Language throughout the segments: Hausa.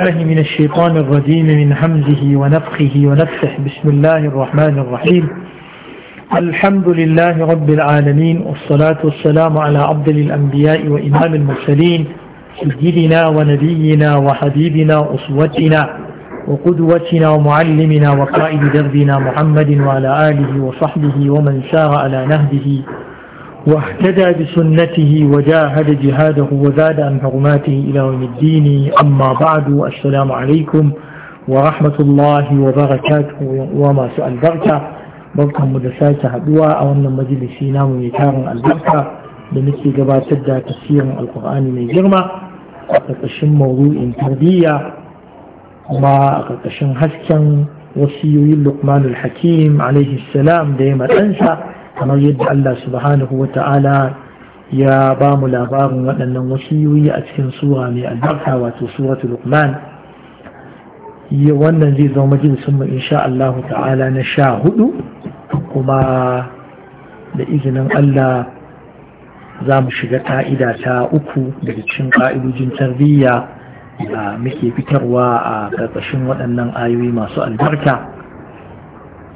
الله من الشيطان الرجيم من حمزه ونفخه ونفسه بسم الله الرحمن الرحيم الحمد لله رب العالمين والصلاة والسلام على عبد الأنبياء وإمام المرسلين سيدنا ونبينا وحبيبنا أصوتنا وقدوتنا ومعلمنا وقائد دربنا محمد وعلى آله وصحبه ومن سار على نهده واهتدى بسنته وجاهد جهاده وزاد عن حرماته إلى يوم الدين أما بعد السلام عليكم ورحمة الله وبركاته وما سؤال بركة بركة مدساكة هدوى أو أن مجلسي نام يتار البركة لمثل جبات تبدأ تفسير القرآن من جرمة أقرقشن موضوع تربية ما أقرقشن هسكن وصي لقمان الحكيم عليه السلام دائما أنسى kamar yadda Allah subhanahu wa ta'ala ya ba mu labarin waɗannan wasiyoyi a cikin sura mai albarka wato suratu luqman wannan zai zama majalisun mu insha Allah ta'ala na sha hudu kuma da izinin Allah za mu shiga ka'ida ta uku daga cikin ka'idojin tarbiyya da muke fitarwa a ƙarƙashin waɗannan ayoyi masu albarka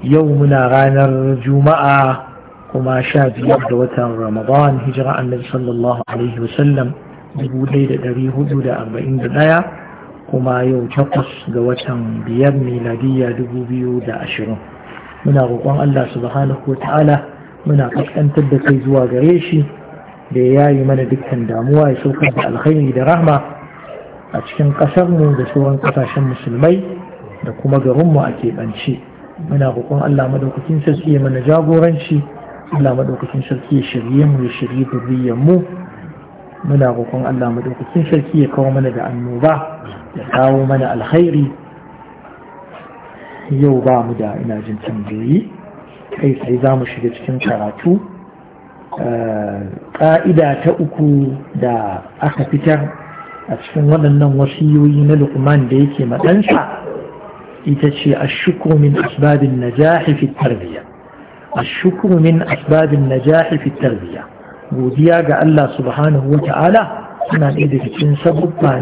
yau muna ranar juma'a kuma sha biyar da watan ramadan hijira annabi sallallahu alaihi wasallam dubu ɗaya da ɗari hudu da arba'in da ɗaya kuma yau takwas ga watan biyar miladiyya dubu biyu da ashirin muna roƙon allah subhanahu wa ta'ala muna ƙasƙantar da kai zuwa gare shi da ya yi mana dukkan damuwa ya saukar da alkhairi da rahma a cikin ƙasarmu da sauran ƙasashen musulmai da kuma garinmu a keɓance muna roƙon allah madaukakin sarki ya mana jagoranci Allah madaukakin sarki ya shirye mu ya shirye zuriyar mu muna roƙon Allah maɗaukacin sarki ya kawo mana da annoba ya kawo mana alkhairi yau ba mu da ina jin tambayi kai sai za mu shiga cikin karatu eh, ƙa'ida ta uku da aka fitar a cikin waɗannan wasiyoyi na lukman da yake maɗansa ita ce a min asbabin najahi fi tarbiyya الشكر من أسباب النجاح في التربية godiya ga Allah subhanahu ta'ala suna ɗaya daga cikin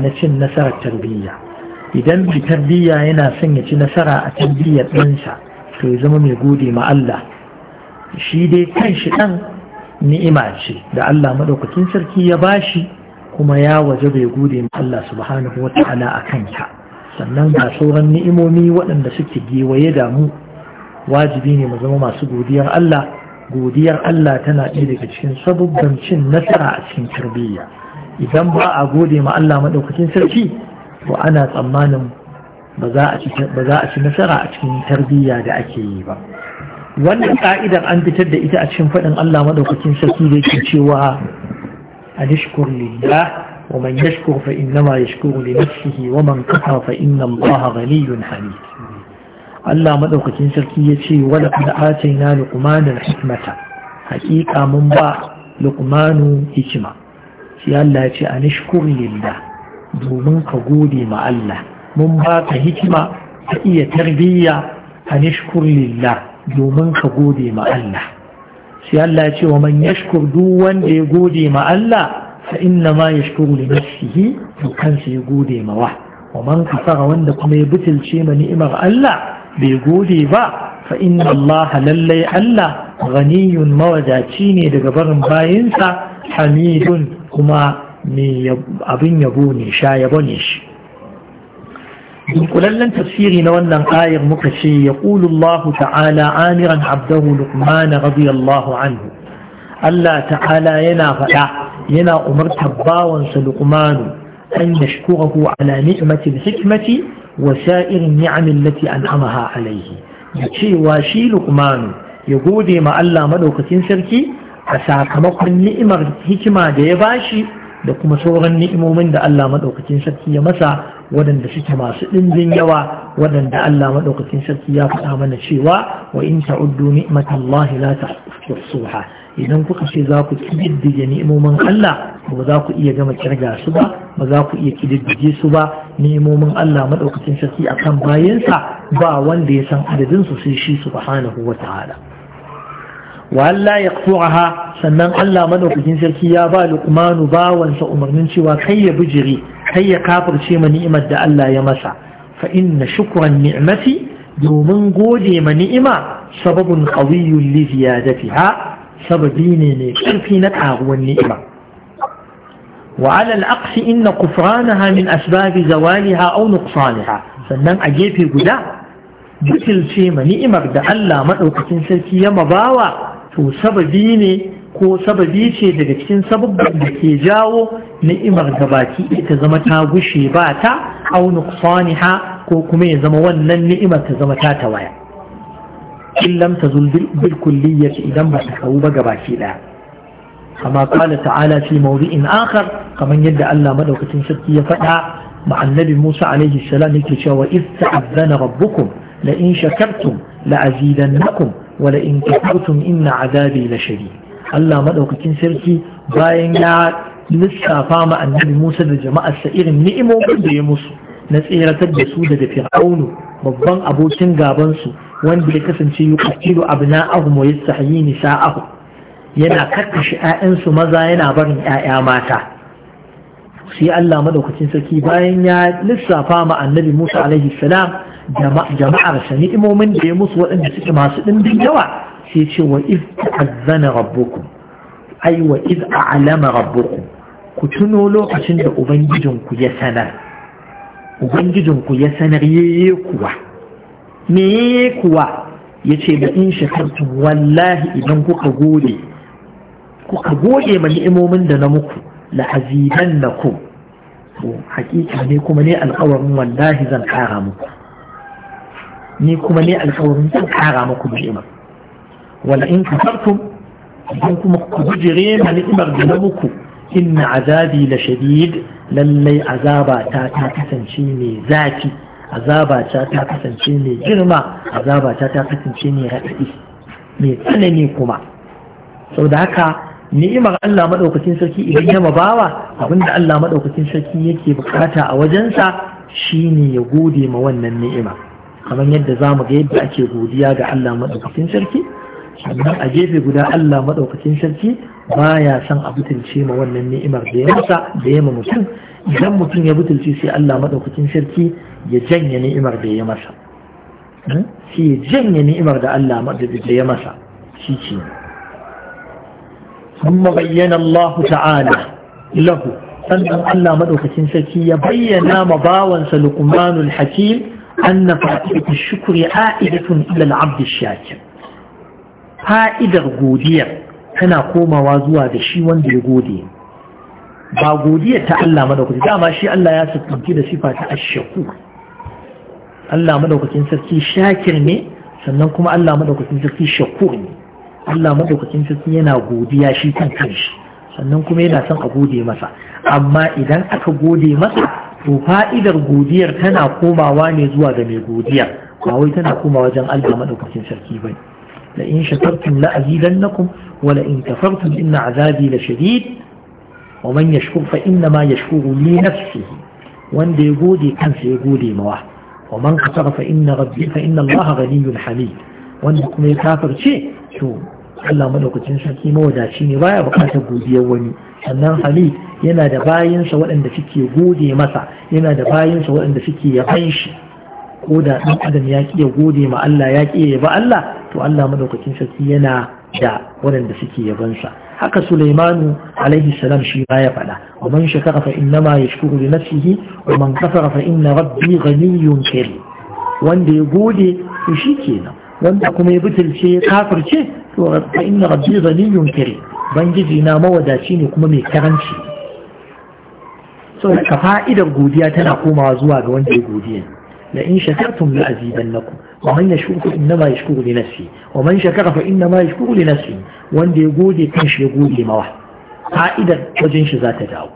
na cin nasarar tarbiyya idan bi tarbiyya yana son ya ci nasara a tarbiyyar ɗansa to ya zama mai gode ma Allah shi dai kan shi ɗan ni'ima ce da Allah maɗaukakin sarki ya bashi kuma ya waje bai gode Allah subhanahu ta'ala a kanta sannan ga sauran ni'imomi waɗanda suke gewaye da mu wajibi ne mu zama masu godiyar Allah godiyar Allah tana ɗaya daga cikin sabubban cin nasara a cikin tarbiyya idan ba a gode ma Allah maɗaukakin sarki to ana tsammanin ba za a ci nasara a cikin tarbiyya da ake yi ba wannan ka'idar an fitar da ita a cikin faɗin Allah maɗaukakin sarki da yake cewa anishkur lillah wa man yashkur fa innama yashkuru li nafsihi wa man kafara fa inna Allah ghaniyyun hamid Allah maɗaukacin sarki ya ce wala da atai na lukumanin hikmata hakika mun ba lukumanu hikima shi Allah ce a nishkur da, domin ka gode ma Allah mun ba ka hikima ka iya tarbiyya a nishkur da, domin ka gode ma Allah shi Allah ya ce wa man yashkur duk wanda ya gode ma Allah fa inna ma yashkuru li nafsihi to kansa ya gode ma wa wa man kafara wanda kuma ya butulce ma ni'imar Allah bai gode ba fa inna Allah lallai Allah ganiyun mawadaci ne daga barin bayinsa hamidun kuma mai abin yabo ne sha yabo ne shi dunkulallen tafsiri na wannan ayar muka ce ya Allah ta'ala amiran abdahu luqman radiyallahu anhu Allah ta'ala yana faɗa yana umartar bawansa luqmanu an yashkurahu ala ni'matil hikmati wa sha'irin ni'amin lati an'amaha alaihi da cewa shi lukmanu ya gode ma Allah madaukakin sarki a sakamakon ni'imar hikima da ya bashi da kuma sauran ni'imomin da Allah madaukakin sarki ya masa waɗanda suke masu ɗimbin yawa waɗanda Allah madaukakin sarki ya faɗa mana cewa wa in ta'uddu ni'matallahi la tuhsuha idan kuka ce za ku kididdige ni'imomin Allah ba za ku iya gama kirga su ba ba za ku iya kididdige su ba ni'imomin Allah madaukakin sarki akan bayansa ba wanda ya san adadin su sai shi subhanahu wata'ala wa Allah ya qtu'aha sannan Allah madaukakin sarki ya ba Luqmanu bawansa umarnin cewa kai ya bijiri kai ya kafirce ma ni'imar da Allah ya masa fa inna shukran ni'mati domin gode ma ni'ima sababun qawiyyun li ziyadatiha sababi ne mai ƙarfi na ƙaruwar ni'ima wa al'aqsi inna kufrana ha min asbabi zawali ha au sannan a gefe guda bitilce ma ni'imar da Allah maɗaukacin sarki ya mabawa to sababi ne ko sababi ce daga cikin sababbin da ke jawo ni'imar da baki ita zama ta gushe ba ta au nuqsani ko kuma ya zama wannan ni'imar ta zama ta tawaya in lam tazun bil kulliyati idan ba ta kawo ba gabaki daya kama kala ta'ala fi mawdi'in akar. kaman yadda Allah madaukakin sarki ya faɗa ma annabi Musa alaihi salam yake cewa wa iz ta'adana rabbukum la in shakartum la azidannakum wa la in kafartum inna adabi lashadid Allah madaukakin sarki bayan ya lissafa ma annabi Musa da jama'ar sa irin ni'imomin da ya musu na tseratar da su daga fir'aunu babban abokin gabansu. wanda ya kasance yuqtilu abna'ahum wa yastahyi nisa'ahum yana kakkashi 'ya'yansu maza yana barin 'ya'ya mata sai Allah madaukakin sarki bayan ya lissafa ma annabi Musa alaihi salam jama'ar sa da ya musu waɗanda suke masu ɗimbin yawa sai ce wa iz ta'azzana rabbukum ai wa iz a'lama rabbukum ku tuno lokacin da ubangijinku ya sanar ubangijinku ya sanar yayye kuwa me kuwa ya ce da in shakartu wallahi idan kuka gode kuka gode ma ni'imomin da na muku la azidan na ku hakika ne kuma ne alkawarin wallahi zan kara muku ni kuma ne alkawarin zan kara muku ni'imar wala in kafartum idan kuma ku gujire ma ni'imar da na muku inna azabi la shadid lallai azaba ta ta kasance mai zafi azaba ta kasance mai girma azaba ta ta kasance mai raɗaɗi mai tsanani kuma sau da haka ni'imar Allah maɗaukacin sarki idan ya mabawa abinda Allah maɗaukacin sarki yake bukata a wajensa shine ya gode ma wannan ni'ima kamar yadda za mu ga yadda ake godiya ga Allah maɗaukacin sarki sannan a gefe guda Allah maɗaukacin sarki baya son a mutunce ma wannan ni'imar da ya masa da ya mutum idan mutum ya butulce sai Allah madaukakin sarki ya janye ni'imar da ya masa hmm? sai ya janye ni'imar da Allah da ya masa shi ce sannan Allah maɗaukacin sarki ya bayyana ma bawansa luqmanul hakim anna shukri a'idatun ilal abdi shakir fa'idar godiya tana komawa zuwa da shi wanda ya gode ba godiya ta Allah madaukakin dama shi Allah ya siffanci da sifa ta ashaku Allah madaukakin sarki shakir ne sannan kuma Allah madaukakin sarki shakur ne Allah madaukakin sarki yana godiya shi kan kanshi sannan kuma yana son a gode masa amma idan aka gode masa to fa'idar godiyar tana komawa ne zuwa ga mai godiya ba wai tana komawa wajen Allah madaukakin sarki bane la in shakartum la azidannakum wa la in kafartum inna azabi la shadid wa man yashkur fa inna ma yashkuru li nafsihi wanda ya gode kansa ya gode mawa wa man kafara fa inna rabbi fa inna Allah ghaniyyun hamid wanda kuma ya kafirce to Allah madaukakin sarki mawadaci ne baya bukatar godiyar wani sannan hamid yana da bayansa waɗanda suke gode masa yana da bayansa waɗanda suke yaban shi ko daɗin adam ya ƙi gode ma Allah ya ƙi yaba Allah to Allah madaukakin sarki yana da waɗanda suke yabansa haka Sulaimanu alaihi salam shi ba ya faɗa wa man shakara fa innama yashkuru li nafsihi wa man kafara fa inna rabbi ghaniyyun karim wanda ya gode to shi kenan wanda kuma ya butulce ya kafirce to fa inna rabbi ghaniyyun karim bangiji na mawadaci ne kuma mai karanci ka fa'idar godiya tana komawa zuwa ga wanda ya godiya la in shakartum la azidannakum ومن يشكر فإنما يشكر لنفسه ومن شكر فإنما يشكر لنفسه وان يقول كنش يقول لموه عائدا وجنش ذات داو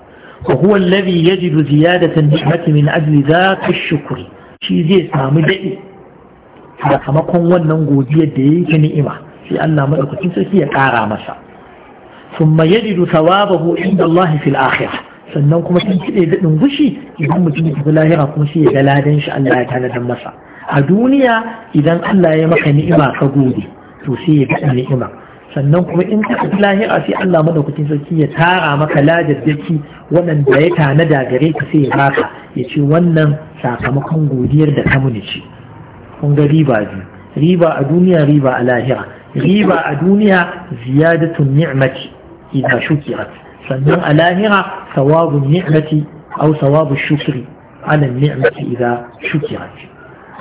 وهو الذي يجد زيادة النعمة من أجل ذاك الشكر شيء زي سامي دئي sakamakon wannan godiyar da ya yi ta ni'ima sai Allah maɗaukacin sarki ya ƙara masa summa yajidu thawabahu inda Allah fil akhirah sannan kuma sun cire daɗin gushi idan mutum ya tafi lahira kuma sai ya ga ladan shi Allah ya tanadar masa a duniya idan Allah ya maka ni'ima ka gode to sai ya faɗi ni'ima sannan kuma in ka tafi lahira sai Allah madaukakin sarki ya tara maka wannan waɗanda ya tanada gare ka sai ya baka ya ce wannan sakamakon godiyar da ka muni ce kun ga riba biyu riba a duniya riba a lahira riba a duniya ziyadatun ni'mati idan shukirat sannan a lahira sawabun ni'mati au sawabu shukri ala ni'mati idan shukirat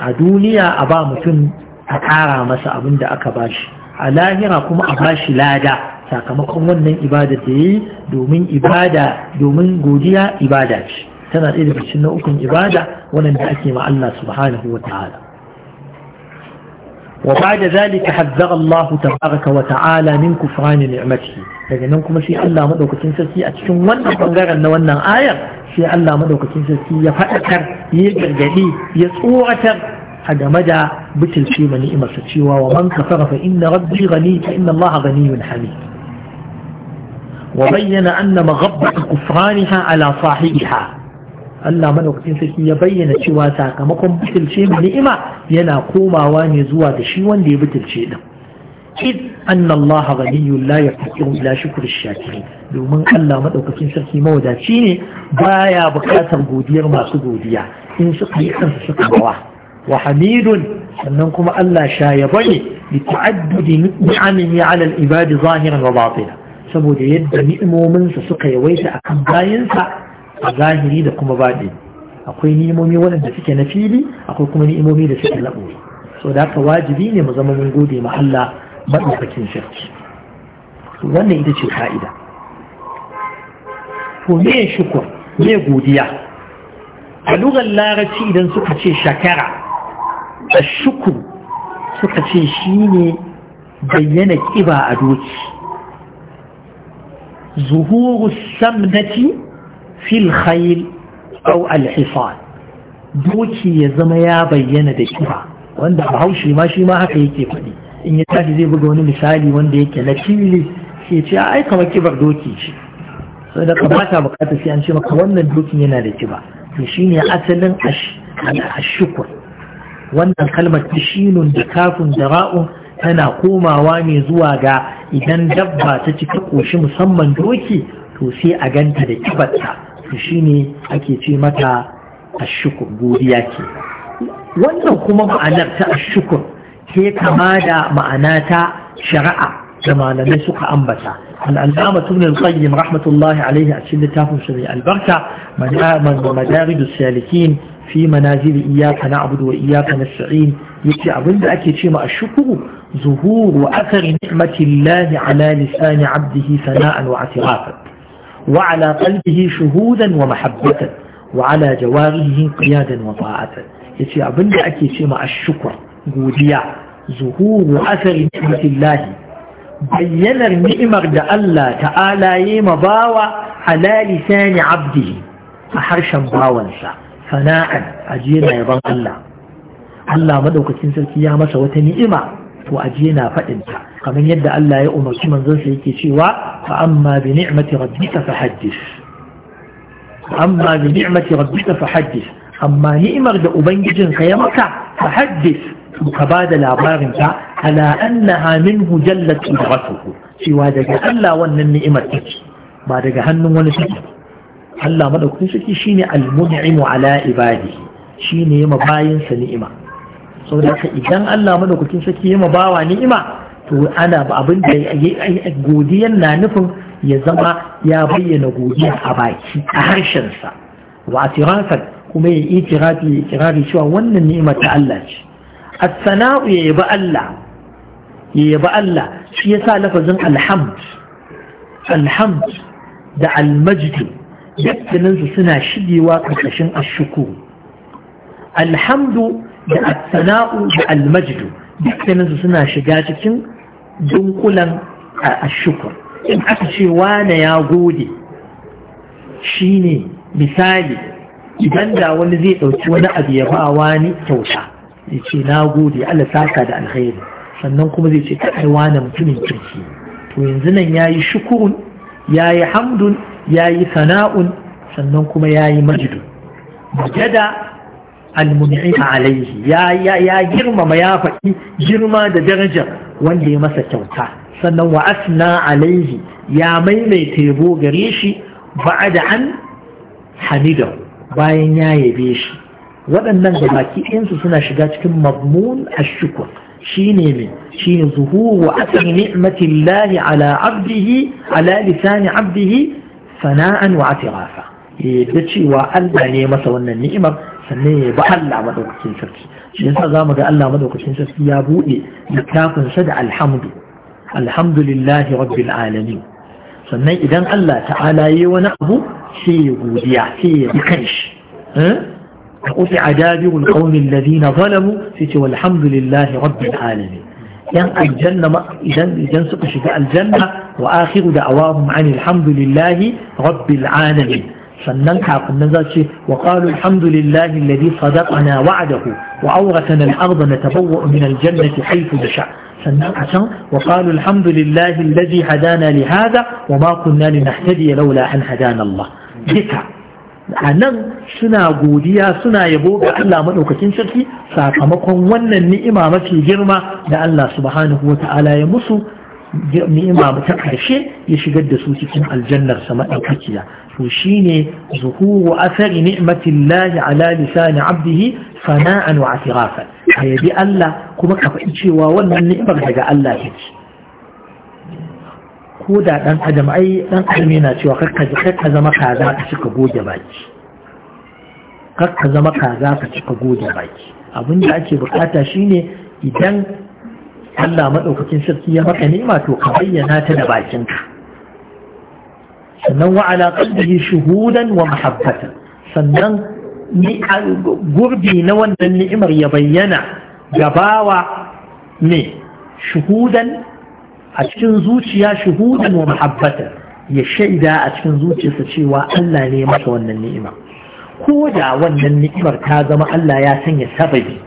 a duniya a ba mutum a ƙara masa abin da aka bashi a lahira kuma a bashi lada sakamakon wannan ibada da yi domin ibada domin godiya ibada ce tana ɗaya daga cikin nau'ukan ibada waɗanda ake ma Allah subhanahu wa ta'ala wa ba da zalika hazzara Allah tabaraka wa ta'ala min kufrani ni'matihi daga nan kuma sai Allah madaukakin sarki a cikin wannan bangaren na wannan ayar sai Allah madaukakin sarki ya faɗakar ya gargaɗi ya tsoratar a game da butulce ma ni'imarsa cewa wa man kafara fa inna rabbi ghani fa inna Allah ghaniyun hamid wa bayyana anna maghabbata kufraniha ala sahibiha Allah madaukakin sarki ya bayyana cewa sakamakon butulce ma ni'ima yana komawa ne zuwa da shi wanda ya butulce din إذ أن الله غني لا يفتقر إلى شكر الشاكرين domin Allah madaukakin sarki mawadaci ne baya bukatar godiyar masu godiya in suka yi kansu suka bawa wa hamidun sannan kuma Allah sha ya bane bi ta'addudi ni'amihi 'ala al-ibad zahiran wa batina saboda yadda ni'imomin sa suka yawaita akan bayansa a zahiri da kuma baɗi akwai ni'imomi waɗanda suke na fili akwai kuma ni'imomi da suke labo so da haka wajibi ne mu zama mun gode ma Allah maɗaukakin shirki wannan ita ce ka'ida to me shukur me godiya a lugar larabci idan suka ce shakara a shukur suka ce shi ne bayyana ƙiba a doki zuhuru samnati fil khayl au al doki ya zama ya bayyana da ƙiba wanda a haushi ma shi ma haka yake faɗi in ya tashi zai buga wani misali wanda yake na fili sai ce a aika maki bar doki ce sau da kamata bukata sai an ce maka wannan dokin yana da kiba to shi ne asalin ashukur wannan kalmar shinun da kafin da ra'un tana komawa ne zuwa ga idan dabba ta cika koshi musamman doki to sai a ganta da kibarta to shi ne ake ce mata ashukur godiya ke. wannan kuma ma'anar ta shukur ke kama da ma'ana ta shari'a da malamai suka ambata al'alama tunan tsayin rahmatullahi alaihi a cikin littafin su mai albarka madaridu salikin fi manazili iyaka na abu wa iyaka na sa'in yace abinda ake ce ma a shukuru zuhuru wa asari ni'matillahi ala lisani abdihi sana'an wa atirafan wa ala qalbihi shuhudan wa mahabbatan wa ala jawarihi qiyadan wa ta'atan yace abinda ake ce ma a godiya zuhuru asali ni'matillahi bayyanar ni'imar da Allah ta'ala yi ma bawa ala lisani abdihi a harshen bawansa sana'an ajiye na yaban Allah Allah madaukakin sarki ya masa wata ni'ima to ajiye na faɗinta kamar yadda Allah ya umarci manzonsa yake cewa fa amma bi ni'mati rabbika fahaddis amma bi ni'mati rabbika fahaddis amma ni'imar da ubangijinka ya maka fahaddis ka ba da labarinta ala annaha minhu jallat qudratuhu cewa daga Allah wannan ni'imar take ba daga hannun wani take Allah madaukakin sarki shine al-mun'imu ala ibadihi shine yima bayinsa ni'ima saboda idan Allah madaukakin sarki yima bawa ni'ima to ana ba abin da godiyan na nufin ya zama ya bayyana godiya a baki a harshensa wa atirafan kuma ya yi itirafi cewa wannan ni'imar ta Allah ce as ya yabi Allah ya shi yasa lafazin alhamd alhamd da almajdu dukkaninsu suna shigewa ƙarƙashin ashuku alhamdu da as da almajdu dukkaninsu suna shiga cikin dunkulan ashukur in aka ce wane ya gode shine misali idan da wani zai ɗauki wani abu ya ba wani kyauta ya ce na gode Allah saka da alkhairi sannan kuma zai ce kai na mutumin kirki to yanzu nan yayi shukurun yayi hamdun yayi sana'un sannan kuma yayi majidu majada a alaihi ya ya ya girmama ya faɗi girma da darajar wanda ya masa kyauta sannan wa asna alaihi ya maimaita yabo gare shi da an hamidahu bayan ya yabe shi waɗannan da baki ɗinsu suna shiga cikin mazmun ashukur shi ne ne zuhuru asr ni'matillahi ala abdihi ala lisani abdihi sana'an wa atirafa yadda cewa Allah ne masa wannan ni'imar sannan ya ba Allah madaukakin sarki shi yasa zamu ga Allah madaukakin sarki ya bude littafin sa da alhamdu alhamdulillahi rabbil alamin sannan idan Allah ta'ala yayi wani abu sai ya godiya sai ya bi kanshi hmm? فقطع دابر القوم الذين ظلموا ستي والحمد لله رب العالمين ين الجنة إذن شفاء الجنة وآخر دعواهم عن الحمد لله رب العالمين فننحى شيء وقالوا الحمد لله الذي صدقنا وعده وأورثنا الأرض نتبوأ من الجنة حيث نشاء فننحى وقالوا الحمد لله الذي هدانا لهذا وما كنا لنهتدي لولا أن هدانا الله ذكر a nan suna godiya suna yabo ga Allah maɗaukakin sarki sakamakon wannan ni'ima mafi girma da Allah subhanahu wa ta'ala ya musu ni'ima ta ƙarshe ya shigar da su cikin aljannar sa maɗaukakiya to shine zuhuru asari ni'matillahi ala lisani abdihi sana'an wa a yabi Allah kuma ka cewa wannan ni'imar daga Allah yake ko da ɗan adam ai ɗan adam yana cewa kakka zama kaza ka cika goge baki kakka zama kaza ka cika goge baki abin da ake bukata shine idan Allah maɗaukakin sarki ya maka nema to ka bayyana ta da bakinka sannan wa ala qalbihi shuhudan wa mahabbatan sannan gurbi na wannan ni'imar ya bayyana gabawa ne shuhudan a cikin zuciya shuhudan wa muhabbatan ya shaida a cikin zuciyarsa cewa Allah ne masa wannan ni'ima ko da wannan ni'imar ta zama Allah ya sanya sababi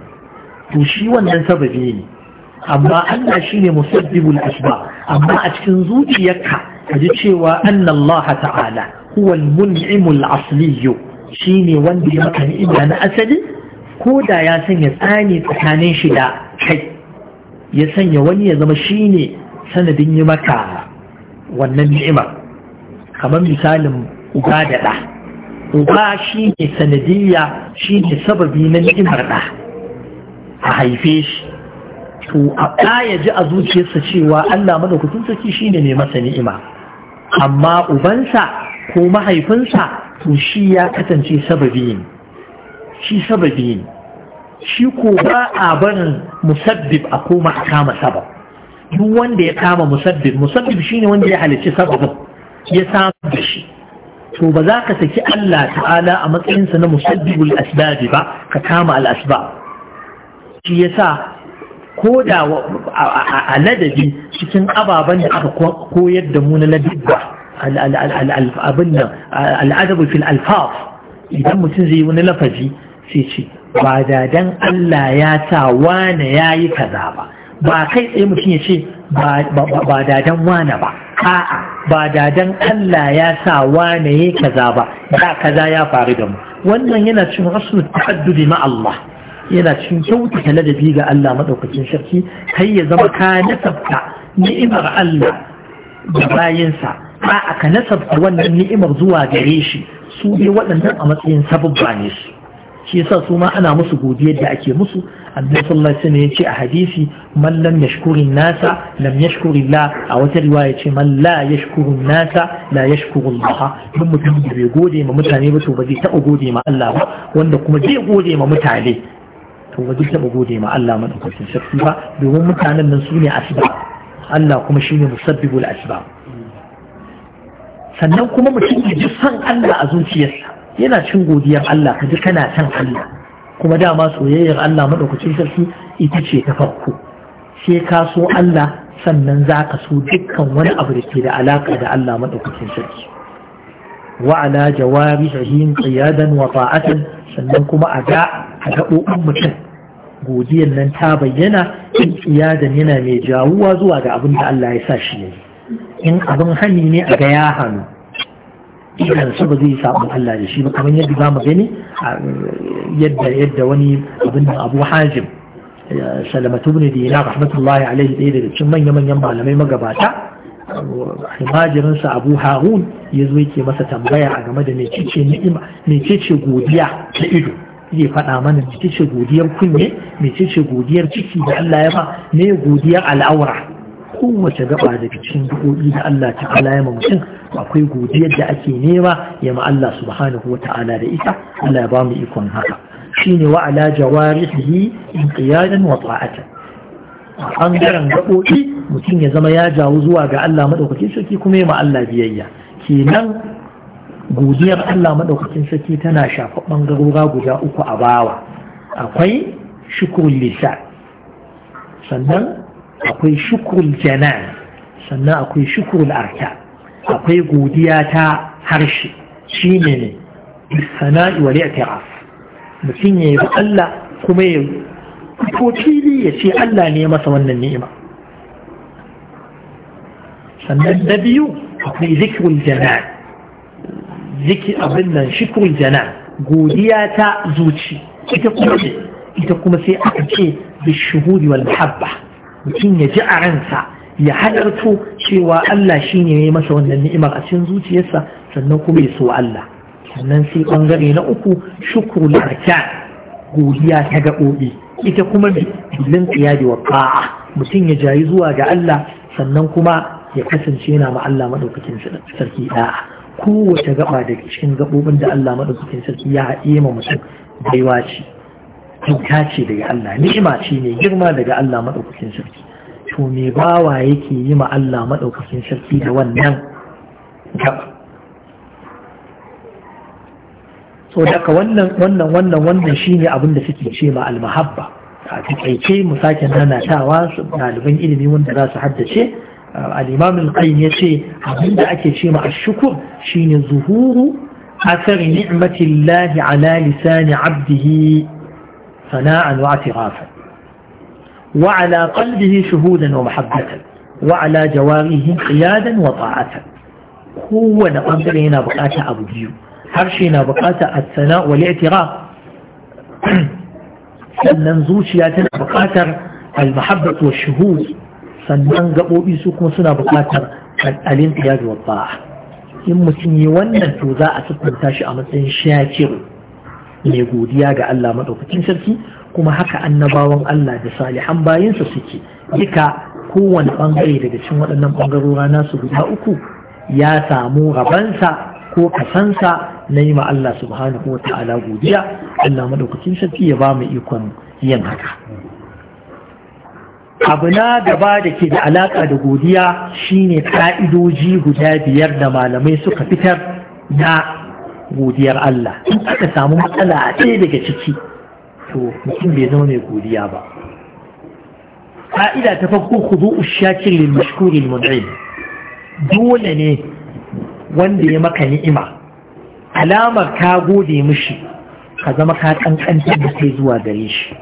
to shi wannan sababi ne amma Allah shine musabbibul asba amma a cikin zuciyarka ka ji cewa anna ta'ala huwa al-mun'imul asli shine wanda ya maka ni'ima na asali ko da ya sanya tsani tsakanin shi da kai ya sanya wani ya zama shine sanadin yi maka wannan ni'imar kamar misalin uba da ɗa uba shi ne sanadiyya shi ne sababi na ni'imar ɗa a haife shi to a ɗa ya ji a zuciyarsa cewa Allah madaukakin sarki shi ne mai masa ni'ima amma ubansa ko mahaifinsa to shi ya kasance sababi ne shi sababi ne shi ko ba a barin musabbib a koma a kama sabab duk wanda ya kama musabbib musabbib shine wanda ya halicci sababin ya samu shi to ba za ka saki Allah ta'ala a matsayinsa na musabbibul asbab ba ka kama al asbab shi yasa ko da a ladabi cikin ababen da aka koyar da mu na ladabba abin al'adabu fil alfaf idan mutum zai yi wani lafazi sai ce ba da dan Allah ya sa wane ya yi kaza ba ba kai tsaye mutum ya ce ba dadan wane ba a'a ba dadan Allah ya sa wane ya kaza ba da kaza ya faru da mu wannan yana cin rasu ta'addudi ma Allah yana cin kyautata ladabi ga Allah maɗaukacin sarki kai ya zama ka nasabta ni'imar Allah da bayansa a'a ka nasabta wannan ni'imar zuwa gare shi su ne waɗannan a matsayin sababba ne su shi yasa su ma ana musu godiyar da ake musu annabi sallallahu alaihi wasallam yace a hadisi man lam yashkuri nasa lam yashkuri la a wata riwaya ce man la yashkuru nasa la yashkuru Allah duk mutum da bai gode ma mutane ba to ba zai taba gode ma Allah ba wanda kuma zai gode ma mutane to ba zai taba gode ma Allah madaukakin sarki ba domin mutanen nan su ne asbab Allah kuma shine musabbibul asbab sannan kuma mutum ya ji son Allah a zuciyarsa yana cin godiyar Allah ka ji kana son Allah kuma dama soyayyar Allah maɗaukacin sarki ita ce ta farko sai ka so Allah sannan za ka so dukkan wani abu da ke da alaƙa da Allah maɗaukacin sarki wa'ala jawari sahihin qiyadan wa ta'atan sannan kuma a ga a gaɓoɓin mutum godiyar nan ta bayyana in qiyadan yana mai jawuwa zuwa ga abin da Allah ya sa shi ne in abin hani ne a ga ya hannu idan su ba zai sabon Allah da shi ba kamar yadda za mu gani yadda yadda wani abin da Abu Hajim Salamatu ibn Dinar rahmatullahi alaihi ɗaya daga cikin manya-manyan malamai magabata almajirinsa Abu Harun ya zo yake masa tambaya a game da mecece ni'ima mecece godiya ta ido zai faɗa mana mecece godiyar kunne mecece godiyar ciki da Allah ya ba me godiyar al'aura kowace gaba daga cikin du'o'i da Allah ta'ala ya mutum akwai godiyar da ake nema ya ma Allah subhanahu wa ta'ala da ita Allah ya ba mu ikon haka Shi wa ala jawarihi inqiyadan wa ta'atan a bangaren gaɓoɓi mutum ya zama ya jawo zuwa ga Allah maɗaukacin sarki kuma ya ma Allah biyayya kenan godiyar Allah maɗaukacin sarki tana shafa ɓangarora guda uku a bawa akwai shukrul lisa sannan akwai shukrul janan sannan akwai shukrul arka akwai godiya ta harshe shi ne ne bisana'i wal i'tiraf mutum ya yi Allah kuma ya fito fili ya ce Allah ne masa wannan ni'ima sannan na biyu akwai zikirul janan ziki abin nan shukrul janan godiya ta zuci ita kuma ita kuma sai aka ce bishuhudi wal mahabba mutum ya ji a ransa ya haɗarto cewa Allah shi ne ya yi masa wannan ni'imar a cikin zuciyarsa sannan kuma ya so Allah sannan sai ɓangare na uku shukru larka godiya ta gaɓoɓi ita kuma bilin tsiya da ƙa'a mutum ya jayi zuwa ga Allah sannan kuma ya kasance yana ma Allah maɗaukakin sarki ɗaya. kowace gaba daga cikin gaɓoɓin da Allah maɗaukakin sarki ya haɗe ma mutum baiwa ce kyauta ce daga Allah ni'ima ce mai girma daga Allah maɗaukakin sarki to me bawa yake yi ma Allah maɗaukakin sarki da wannan gaba so daga wannan wannan wannan wannan shine abin da suke ce ma almahabba a takaice mu sake nanatawa ɗaliban ilimi wanda za su haddace al-imam al-qayyim yace abin da ake ce ma ashkur shine zuhuru asar ni'matillahi ala lisani abdihi ثناء واعترافا وعلى قلبه شهودا ومحبة وعلى جوامعه قيادا وطاعة هو نقدر هنا بقاتا أبو جيو هرشينا بقاتا الثناء والاعتراف سننزوشياتنا بقاتا المحبة والشهود سننقبوا بيسوكم سنا بقاتا الانقياد والطاعة إن مسيني ونن توزاء ستنتاشي أمسين شاكروا mai godiya ga Allah maɗaukacin sarki kuma haka annabawan Allah da salihan bayansa suke duka kowane ɓangare daga cikin waɗannan ɓangarora nasu guda uku ya samu rabansa ko kasansa na yi ma Allah subhanahu wa ta'ala godiya Allah maɗaukacin sarki ya ba mu ikon yin haka abu na gaba da ke da alaƙa da godiya shine ka'idoji guda biyar da malamai suka fitar na godiyar Allah in aka samu matsala a ɗaya daga ciki to mutum bai zama mai godiya ba fa'ida ta farko khudu ushakir lil mashkur al dole ne wanda ya maka ni'ima alamar ka gode mishi ka zama ka kankantar da kai zuwa gare shi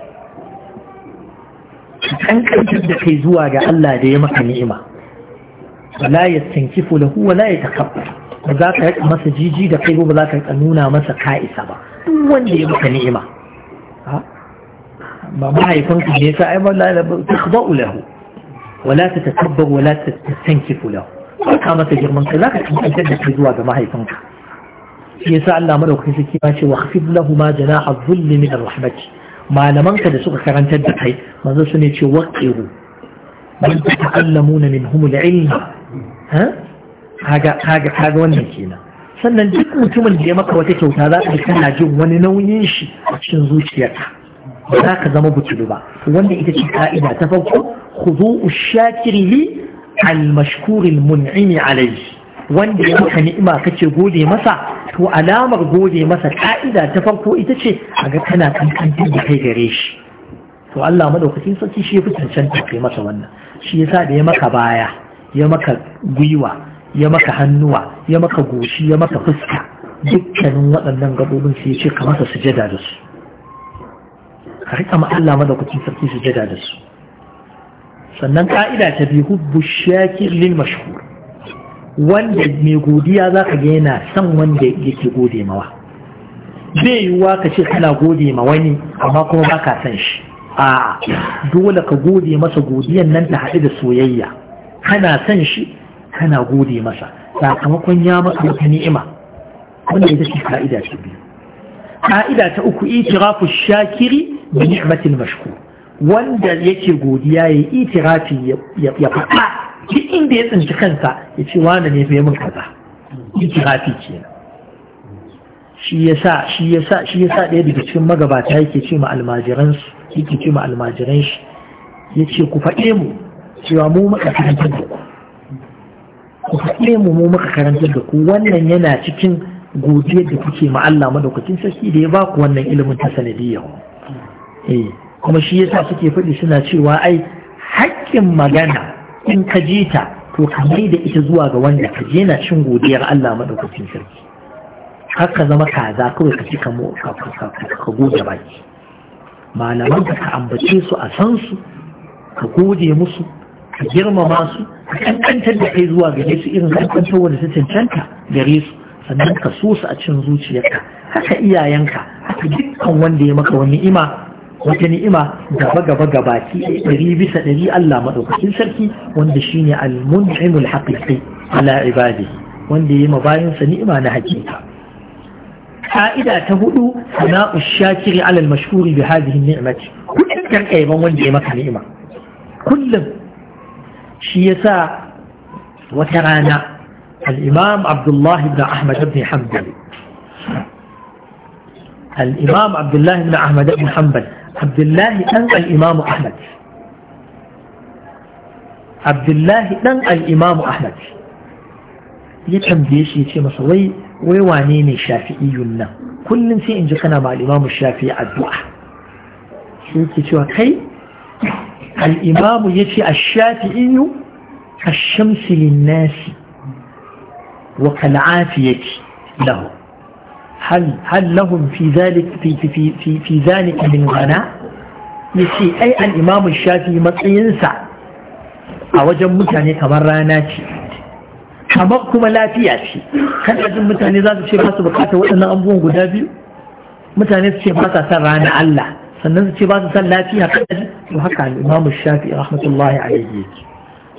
ka kankantar da kai zuwa ga Allah da ya maka ni'ima wala yastankifu lahu wala yatakabbar za ka masa jiji da kai ba za ka nuna masa ka'isa ba duk wanda ya maka ni'ima ba mahaifinka ne sa ai wallahi ta khda'u lahu wala ta takabbar wala ta tankifu lahu ka masa girman ka za ka kankantar da kai zuwa ga mahaifinka shi yasa Allah madaukakin sarki ya ce wa khafid lahu ma janaha dhulli min Malaman ka da suka karantar da kai manzo su ne ce waqiru man ta'allamuna minhum al-ilma ha kaga kaga wannan kenan sannan duk mutumin da ya maka wata kyauta za ka kana jin wani nauyin shi a cikin zuciyarka ba za ka zama butulu ba wanda ita ce ka'ida ta farko khudu ushakiri li al mashkuri al mun'imi alayhi wanda ya maka ni'ima kace gode masa to alamar gode masa ka'ida ta farko ita ce a ga kana kankantar da kai gare shi to Allah madaukakin sarki shi ya fi cancanta kai masa wannan shi yasa da ya maka baya ya maka gwiwa ya maka hannuwa ya maka goshi ya maka fuska dukkanin waɗannan gabobin su ya ce ka masa sujada da su ka riƙa ma Allah madaukakin sarki sujada da su sannan ka'ida ta bi hubbu shakir lil mashhur wanda mai godiya za ka ga yana san wanda yake gode mawa zai yiwuwa ka ce kana gode ma wani amma kuma ba ka san shi a dole ka gode masa godiyan nan ta haɗu da soyayya kana san shi kana gode masa sakamakon ya maka wata ni'ima wanda ita ce ka'ida ta biyu ka'ida ta uku itirafu shakiri bi ni'matil mashkur wanda yake godiya ya yi itirafi ya faɗa duk inda ya tsinci kansa ya ce wani ne bai min kaza itirafi kenan shi yasa shi yasa shi yasa ɗaya daga cikin magabata yake ce ma almajiran su yake ce ma almajiran shi yace ku faɗe mu cewa mu makarantar da ku ku haɗe mu mu muka karantar da ku wannan yana cikin godiyar da kuke ma Allah madaukakin sarki da ya ba ku wannan ilimin ta sanadiyya eh kuma shi yasa suke faɗi suna cewa ai haƙƙin magana in ka je ta to ka mai da ita zuwa ga wanda ka je na cin godiyar Allah madaukakin sarki ka zama kaza kawai ka ci ka goge baki malaman ka ambace su a san su ka gode musu ka girmama su ka kankantar da kai zuwa gare su irin kankantar wanda su cancanta gare su sannan ka so su a cin zuciyarka haka iyayenka haka dukkan wanda ya maka wani ima wata ni'ima gaba gaba gabaki ɗari bisa ɗari Allah maɗaukakin sarki wanda shine al-mun'imul haqiqi ala ibadi wanda ya mabayin sa ni'ima na hakika ka'ida ta hudu sana'u shakiri ala al-mashkuri bi hadhihi an-ni'mati kullum kan wanda ya maka ni'ima kullum شيسا وترانا الإمام عبد الله بن أحمد بن حنبل الإمام عبد الله بن أحمد بن حنبل عبد الله أن الإمام أحمد عبد الله أن الإمام أحمد يتم ديش يتي مصري ويوانيني شافئينا كل نسي إن جكنا مع الإمام الشافعي الدعاء شو كي شو al'imamu ya ce a shafi inu a shamsilin nasi wa kal'afi ya ce lahu hal lahun fi zalika min ya ce ai al'imamu shafi matsayinsa a wajen mutane kamar rana ce kamar kuma lafiya ce kan jin mutane za su ce ba su bukata waɗannan abubuwan guda biyu mutane su ce ba sa son rana Allah sannan su ce ba su son lafiya kan وهكا الإمام الشافعي رحمة الله عليه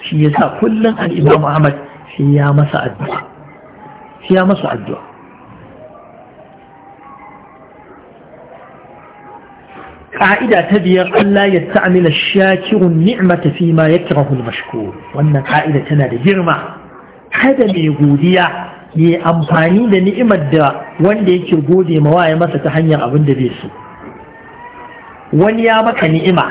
شي يسا كل الإمام أحمد شي مسا الدعاء شي مسا الدعاء قاعدة تبير أن لا يتعمل الشاكر النعمة فيما يكره المشكور وأن قاعدة تنال جرمة هذا ميقودية ye amfani da ni'imar da wanda yake gode ma waye masa ta hanyar abin da bai so wani ya maka ni'ima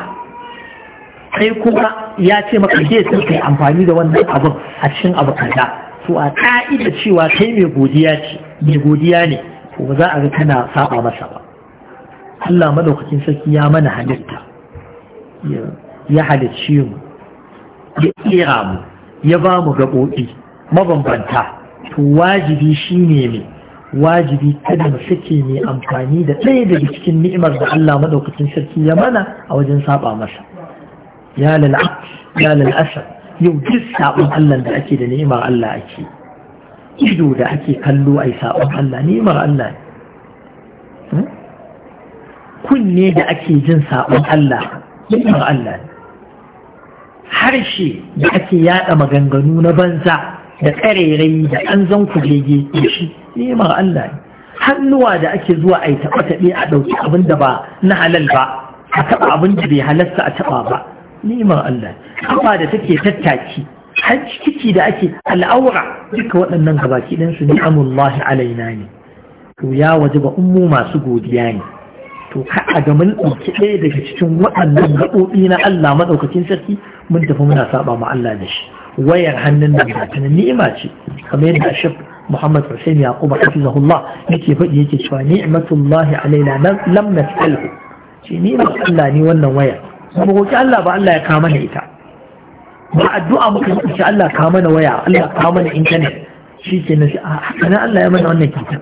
sai kuma ya ce maka je sun kai amfani da wannan abu a cikin abu kaza to a ka'ida cewa kai mai godiya ce mai godiya ne to ba za a ga kana saba masa ba Allah madaukakin sarki ya mana halitta ya halicci mu ya tsira mu ya ba mu gaboɗi mabambanta to wajibi shine ne wajibi kada mu sake mai amfani da ɗaya daga cikin ni'imar da Allah madaukakin sarki ya mana a wajen saba masa ya lal'abd ya lal'asar yau duk sabon Allah da ake da ni'imar Allah ake ido da ake kallo a yi sabon Allah ni'imar Allah ne hmm? kunne da ake jin sabon Allah ni'imar Allah ne harshe da ake yada maganganu na banza da karerai da an zan kulege shi ni'imar Allah ne hannuwa da ake zuwa a yi taɓa-taɓe a ɗauki abin da ba na halal ba a taɓa abin da bai halasta a taɓa ba ni'imar Allah awa da take tattaki har ciki da ake al'aura duka waɗannan gabaki ɗin su ni'amullahi alaina ne to ya waje ba ummu masu godiya ne to ka a ga mun ɗauki ɗaya daga cikin waɗannan gaɓoɓi na Allah maɗaukakin sarki mun tafi muna saba ma Allah da shi wayar hannun nan ba ta ni'ima ce kamar yadda shaf Muhammad Hussein Yaqub hafizahullah yake faɗi yake cewa ni'matullahi alaina lam nas'alhu ce ni'imar Allah ne wannan wayar ba mu roƙi Allah ba Allah ya kawo mana ita ba addu'a muka yi shi Allah kawo mana waya Allah kawo mana intanet shi ke na haka Allah ya mana wannan kyautar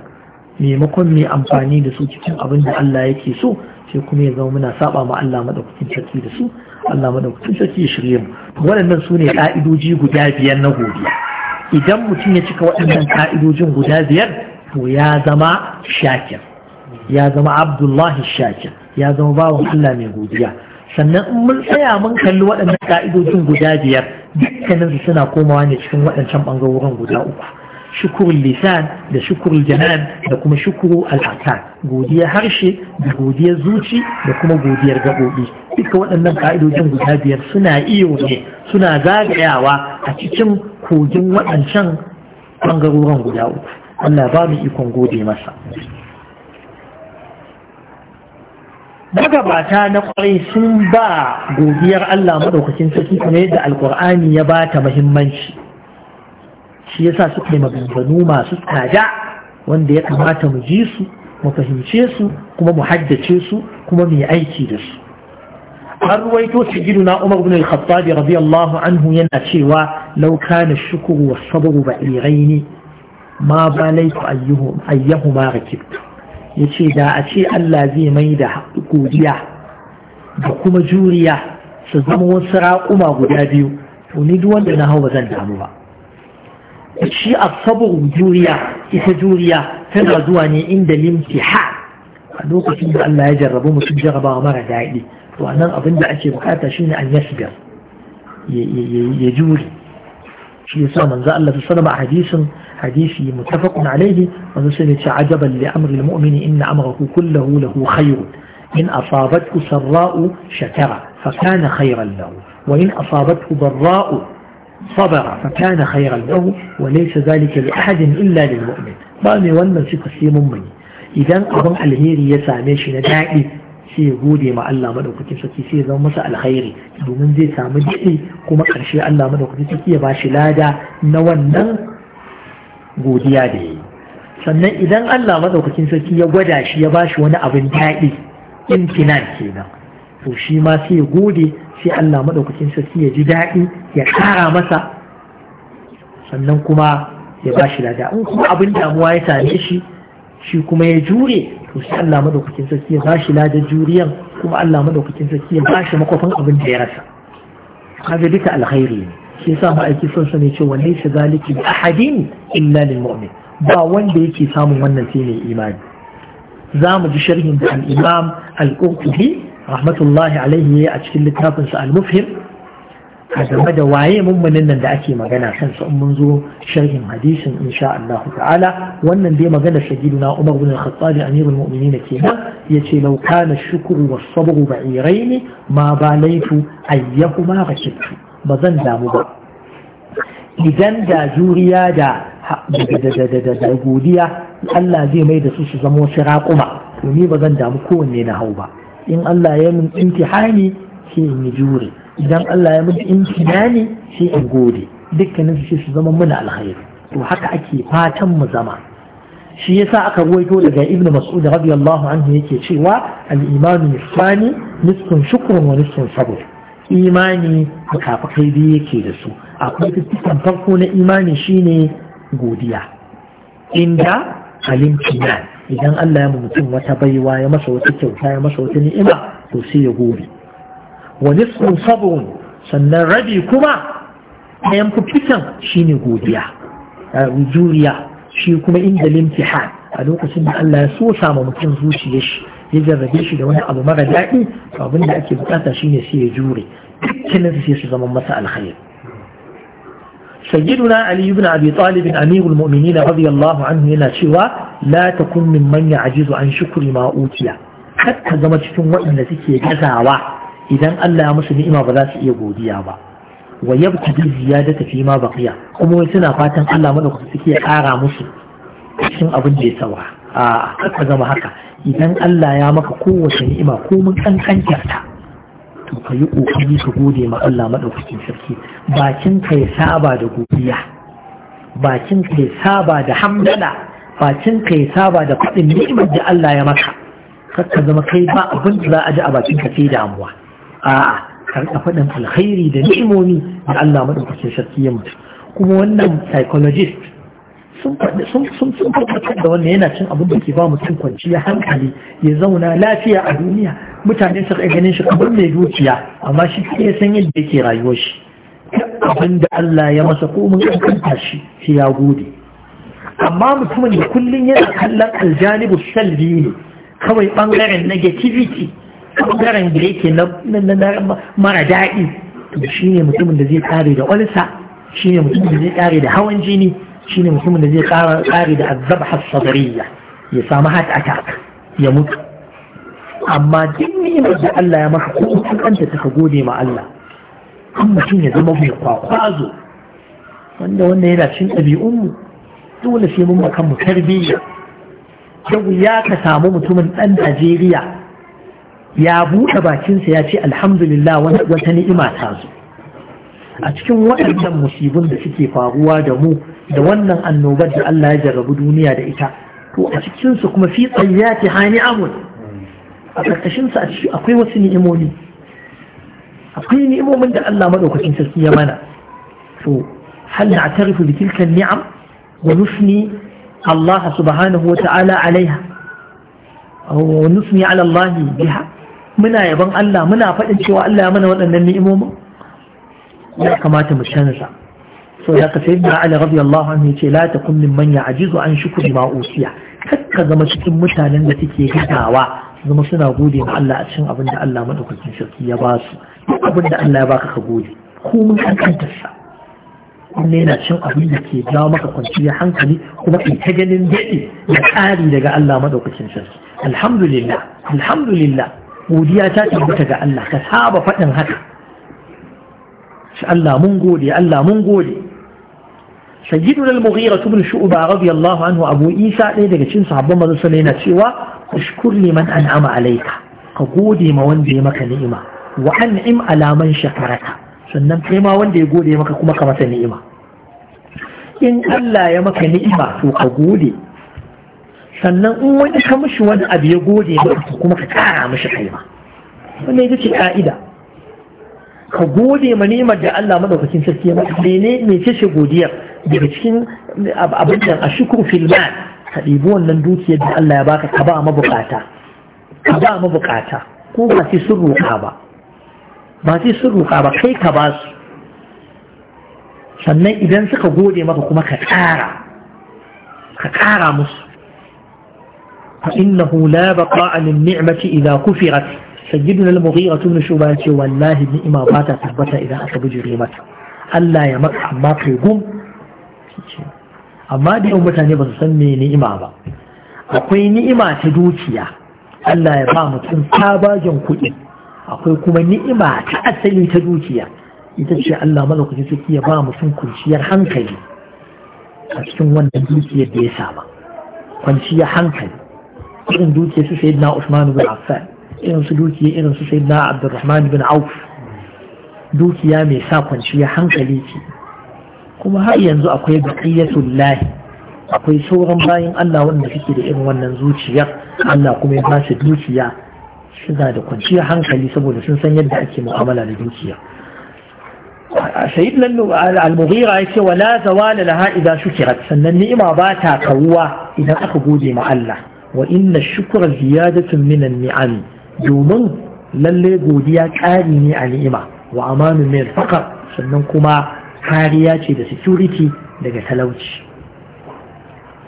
maimakon mai amfani da su cikin abin da Allah yake so sai kuma ya zama muna saba ma Allah madaukakin sarki da su Allah madaukakin sarki ya shirye mu waɗannan su ne ka'idoji guda biyar na gobe idan mutum ya cika waɗannan ka'idojin guda biyar to ya zama shakir ya zama abdullahi shakir ya zama bawan Allah mai godiya sannan in mun tsaya mun kalli waɗannan ka'idojin guda biyar dukkanin su suna komawa ne cikin waɗancan ɓangarorin guda uku shukurul lisan da shukurul janan da kuma shukuru al'arkan godiyar harshe da godiyar zuci da kuma godiyar gaɓoɓi duka waɗannan ka'idojin guda biyar suna iyo ne suna zagayawa a cikin kogin waɗancan ɓangarorin guda uku Allah ba mu ikon gode masa magabata na kwarai sun ba godiyar Allah maɗaukacin sarki kuma yadda alkur'ani ya ba ta muhimmanci shi yasa suka yi maganganu masu tsada wanda ya kamata mu ji su mu fahimce su kuma mu haddace su kuma mu yi aiki da su an ruwaito na Umar bin al-Khattab radiyallahu anhu yana cewa "Lauka kana shukuru was sabru ba'iraini ma balaytu ayyuhuma rakibtu ya ce da a ce Allah zai mai da godiya da kuma juriya su zama wasu raƙuma guda biyu to ni duk wanda na hau ba zan damu ba shi a sabon juriya ita juriya tana zuwa ne inda limti ha a lokacin da Allah ya jarrabu mutum jarrabawa mara daɗi to nan abin da ake bukata shine an yasbir ya juri shi yasa manzo Allah su sanama a hadisin حديثي متفق عليه ونسلت عجبا لأمر المؤمن إن أمره كله له خير إن أصابته سراء شكر فكان خيرا له وإن أصابته ضراء صبر فكان خيرا له وليس ذلك لأحد إلا للمؤمن بأمي وانا ستسي مني إذا أبن الهيري يساميش ندائي sai ya ما ma Allah madaukakin sarki sai ya zama masa alkhairi domin zai samu daɗi kuma ƙarshe Allah madaukakin sarki باشي bashi lada na wannan godiya da yayi sannan idan Allah madaukakin sarki ya gwada shi ya bashi wani abin daɗi in imtinan kenan to shi ma sai ya gode sai Allah madaukakin sarki ya ji daɗi ya ƙara masa sannan kuma ya bashi lada in kuma abin damuwa ya same shi shi kuma ya jure to sai Allah madaukakin sarki ya bashi lada juriyan kuma Allah madaukakin sarki ya bashi makwafin abin da ya rasa kaga duka alkhairi ne shi yasa ma'aiki son sa ne ce wa laysa zalika bi ahadin illa lil mu'min ba wanda yake samun wannan sai ne imani za mu ji sharhin da al-imam al-qurtubi rahmatullahi alaihi a cikin littafin sa al-mufhim a game da waye mummunin nan da ake magana kansa in mun zo sharhin hadisin insha Allah ta'ala wannan dai magana na Umar bin Al-Khattab amirul mu'minin kenan yace law kana shukru was sabru ba'iraini ma balaitu ayyahuma rashidtu ba zan damu ba idan da juriya da da godiya Allah zai mai da su su zama wasu raƙuma to ni ba zan damu kowanne na hau ba in Allah ya min imtihani sai in yi jure idan Allah ya min imtihani sai in gode dukkanin su su zama muna alhairi to haka ake fatan mu zama shi yasa aka ruwaito daga ibnu mas'ud radiyallahu anhu yake cewa al-imanu nisfani nisfun shukrun wa nisfun sabr imani fukafukai biyu yake da su akwai fiffikan farko na imani shine godiya inda alimtinan idan Allah ya mutum wata baiwa ya masa wata kyauta ya masa wata ni'ima to sai ya gobe Wani sabon sannan rabi kuma ɗayan fiffikan shine godiya eh, juriya shi kuma inda limtihan a lokacin da Allah ya so sama mutum zuciyar shi ya jarrabe shi da wani abu mara daɗi abin da ake bukata shine sai ya jure dukkanin sai su zama masa alkhairi sayyiduna ali ibn abi talib amirul mu'minin radiyallahu anhu yana cewa la takun mimman ya'jizu an shukuri ma utiya kar zama cikin waɗanda suke gazawa idan Allah ya musu ni'ima ba za su iya godiya ba wa yabtadi ziyadata fi ma baqiya kuma suna fatan Allah madaukaki suke ƙara musu cikin abin da ya saura a ka zama haka idan Allah ya maka kowace ni'ima ko mun kankantar ta to ka yi ƙoƙari ka gode ma Allah maɗaukacin sarki bakin ka ya saba da godiya bakin ka ya saba da hamdala bakin ka ya saba da faɗin neman da Allah ya maka kar zama kai ba abin da za a ji a bakin ka sai damuwa a'a kar ka faɗin alkhairi da ni'imomi da Allah maɗaukacin sarki ya mutu kuma wannan psychologist sun faɗi sun sun sun tabbatar da wannan yana cin abin da ke ba mutum kwanciya hankali ya zauna lafiya a duniya mutane su kai ganin shi kamar mai dukiya amma shi kai san yadda yake rayuwar shi abin da Allah ya masa ko mun kankanta shi shi ya gode amma mutumin da kullun yana kallon aljanibu salbi ne kawai bangaren negativity bangaren da yake na mara daɗi to shine mutumin da zai kare da ulsa shine mutumin da zai kare da hawan jini shine mutumin da zai kare da azabha sadariya ya samu heart attack ya mutu amma duk ni'imar da Allah ya maka ko kun kanta ta gode ma Allah an mutum ya zama mai kwakwazo wanda wanda yana cin ɗabi'un mu dole sai mun maka mu tarbiyya yau ya ka samu mutumin ɗan Najeriya ya buɗe bakinsa ya ce alhamdulillah wata ni'ima ta zo a cikin waɗannan musibin da suke faruwa da mu da wannan annobar da Allah ya jarrabu duniya da ita to a cikinsu kuma fi tsayyati hani amun a ƙarƙashinsa a akwai wasu ni'imomi akwai ni'imomin da Allah maɗaukacin sarki ya mana to hal na tarifu bi tilkan ni'am wa nusni Allah subhanahu wa ta'ala alaiha wa nusni ala Allah biha muna yaban Allah muna faɗin cewa Allah ya mana waɗannan ni'imomin ya kamata mu canza so da ka sai da Ali radiyallahu anhu yace la takun mimman ya'jizu an shukri ma usiya kakka zama cikin mutanen da suke gidawa zama suna gode ma Allah a cikin abin da Allah madaukakin sarki ya ba su abin da Allah ya baka ka gode komai an kanta sa kuma yana cikin abin da ke jawo maka kwanciyar hankali kuma kai ta ganin daɗi da ƙari daga Allah madaukakin sarki alhamdulillah alhamdulillah godiya ta tabbata ga Allah ka saba faɗin haka Allah mun gode Allah mun gode sayyidun al-mughira ibn shu'ba radiyallahu anhu abu isa ɗaya daga cikin sahabban manzon sallallahu yana cewa ushkur liman an'ama alayka ka gode ma wanda ya maka ni'ima wa an'im ala man shakaraka sannan kai ma wanda ya gode maka kuma ka masa ni'ima in Allah ya maka ni'ima to ka gode sannan in wani ka mishi wani abu ya gode maka kuma ka kara mishi kai ma wannan ita ka'ida ka gode ma ni'imar da Allah madaukakin sarki ya maka mene ne ce godiyar daga cikin abin da a shukur filman ka ɗibi wannan dukiyar da Allah ya baka ka ba mabukata ka ba mabukata ko ba sai sun roƙa ba ba sai sun roƙa ba kai ka ba su sannan idan suka gode maka kuma ka ƙara ka ƙara musu فإنه لا بقاء للنعمة إذا كفرت سجدنا المغيرة بن شبات والله النعمة بات ثبت إذا أتبجر متى ألا يمكح ما قيقوم amma da yawan mutane ba su san me ni'ima ba akwai ni'ima ta dukiya Allah ya ba mutum sabajin kuɗi akwai kuma ni'ima ta asali ta dukiya ita ce Allah malakacin suke ya ba mutum kunciyar hankali a cikin wannan dukiyar da ya sama kwanciyar hankali irin dukiyar su sayyidina Usman bin Affan irin su dukiyar irin su sayyidina Abdurrahman bin Auf dukiya mai sa kwanciyar hankali ce kuma har yanzu akwai baqiyatul lahi akwai sauran bayan Allah waɗanda suke da irin wannan zuciyar. Allah kuma ya ba zuciya suna da kwanciyar hankali saboda sun san yadda ake mu'amala da dukiya. sayyidina al-mughira yace wa la zawala laha idza shukirat sannan ni'ima ba ta kawuwa idan aka gode ma Allah wa inna shukra ziyadatun min an-ni'am domin lallai godiya ƙari ne a ni'ima wa amanu min faqar sannan kuma kariya ce da security daga talauci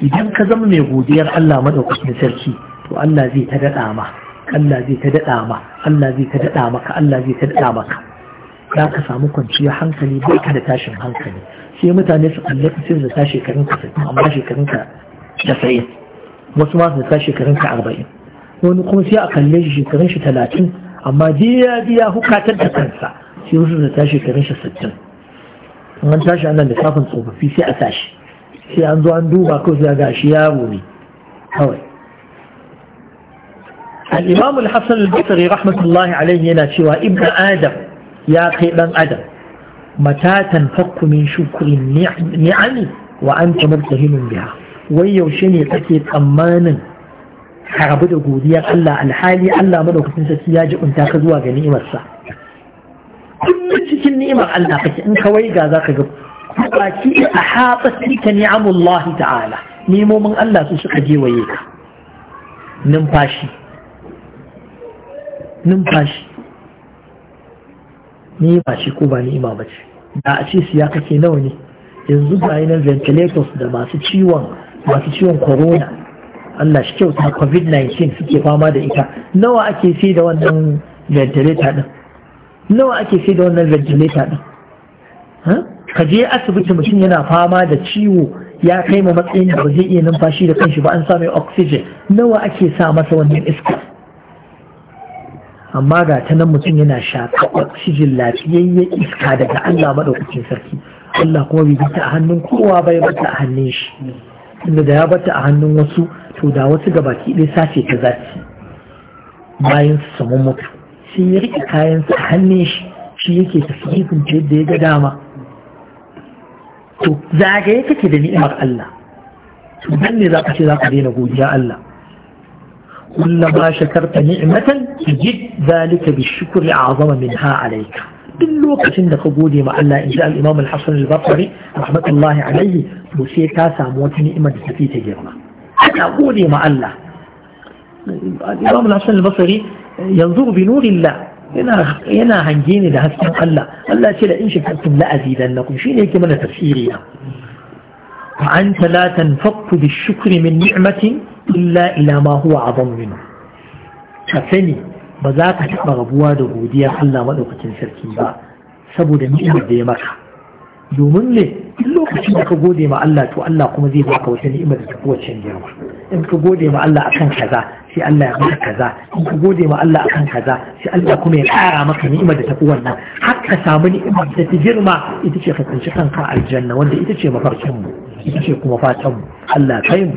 idan ka zama mai godiyar Allah maɗaukacin sarki to Allah zai ta daɗa ma Allah zai ta daɗa ma Allah zai ta daɗa maka Allah zai ta daɗa maka za ka samu kwanciyar hankali bai ka da tashin hankali sai mutane su kalli sai su ta shekarun ka sittin amma shekarun ka casa'in wasu ma su ta shekarun ka arba'in wani kuma sai a kalle shi shekarun shi talatin amma jiya biya hukatar da kansa sai wasu su shekarun shi sittin an tashi ana lissafin tsofaffi sai a tashi sai an zo an duba ko sai ga shi yaro ne kawai al-imam al-hasan al-basri rahmatullahi alayhi yana cewa ibnu adam ya kai dan adam matatan fakku min shukrin ni'ami wa anta mubtahimun biha wai yaushe ne kake tsammanin ka rabu da godiyar Allah alhali Allah madaukakin sarki ya jibunta ka zuwa ga ni'imarsa kullum cikin ni'imar Allah kake in ka waiga za ka ga baki a haɓa tilka ni'amullahi ta'ala nemomin Allah su suka je waye ka numfashi numfashi ba shi ko ba ni'ima ba ce da a ce siya kake nawa ne yanzu ga yi ventilators da masu ciwon masu ciwon corona Allah shi kyauta covid-19 suke fama da ita nawa ake sai da wannan ventilator din nawa ake sai da wannan ventilata ɗin? ka je asibiti mutum yana fama da ciwo ya kai ma matsayin da ba zai iya numfashi da kanshi ba an sa mai oxygen nawa ake sa masa wannan iska amma ga ta nan mutum yana shaƙa oxygen lafiyayyen iska daga Allah maɗaukacin sarki Allah kuma bai bata a hannun kowa bai bata a hannun shi inda da ya bata a hannun wasu to da wasu gabaki ɗaya sace ta zaci bayan su samu mutu sai ya riƙe kayansa hannun shi shi yake tasirifin ce ya ga dama to zagaye kake da ni'imar Allah to ne za ka ce za ka daina godiya Allah كلما شكرت نعمة تجد ذلك بالشكر أعظم منها عليك بالوقت عندك قولي مع الله إن جاء الإمام الحسن البصري رحمة الله عليه وسيكا ساموت نعمة في تجربة أنا قولي مع الله الإمام الحسن البصري yanzu bi nurillah yana yana hange ne da hasken Allah Allah ce da in shakartum la azidannakum shine yake mana tafsiri na fa anta la tanfaqu bi shukri min ni'matin illa ila ma huwa azam minhu ka sani ba za ka taɓa rabuwa da godiya Allah maɗaukacin sarki ba saboda ni'imar da ya maka domin ne duk lokacin da ka gode ma Allah to Allah kuma zai baka wata ni'imar da ta fi girma in ka gode ma Allah akan kaza sai Allah ya maka kaza in ka gode ma Allah akan kaza sai Allah kuma ya kara maka ni'imar da tafi wannan har ka samu ni'imar da ta girma ita ce ka tsinci kanka aljanna wanda ita ce mafarkin mu ita ce kuma fatan mu Allah kai mu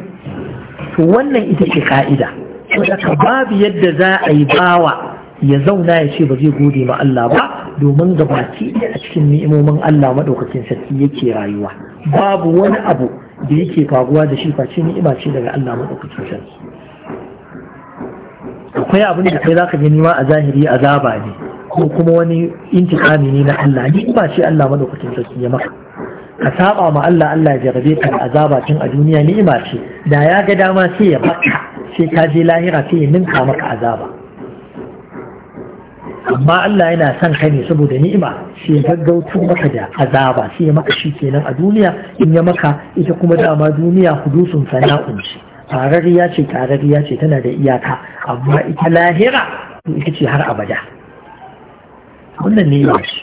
to wannan ita ce ka'ida saboda babu yadda za a yi bawa ya zauna ya ce ba zai gode ma Allah ba domin gabaki a cikin ni'imomin Allah maɗaukakin sarki yake rayuwa babu wani abu da yake faguwa da shi face ni'ima ce daga Allah madaukakin sarki akwai abin da kai zaka gani ma a zahiri azaba ne ko kuma wani intikami ne na Allah ni'ima ce Allah madaukakin sarki ya maka ka saba ma Allah Allah ya jarabe ka azaba tun a duniya ni'imace ce da ya ga dama sai ya baka sai ka je lahira sai ya ninka maka azaba amma Allah yana son ka ne saboda ni'ima sai ya gaggauto maka da azaba sai ya maka shi kenan a duniya in ya maka ita kuma dama duniya hudusun sana'un ce ce tarariya ce tana da iyaka amma ita lahira ita ce har abada wannan ne ce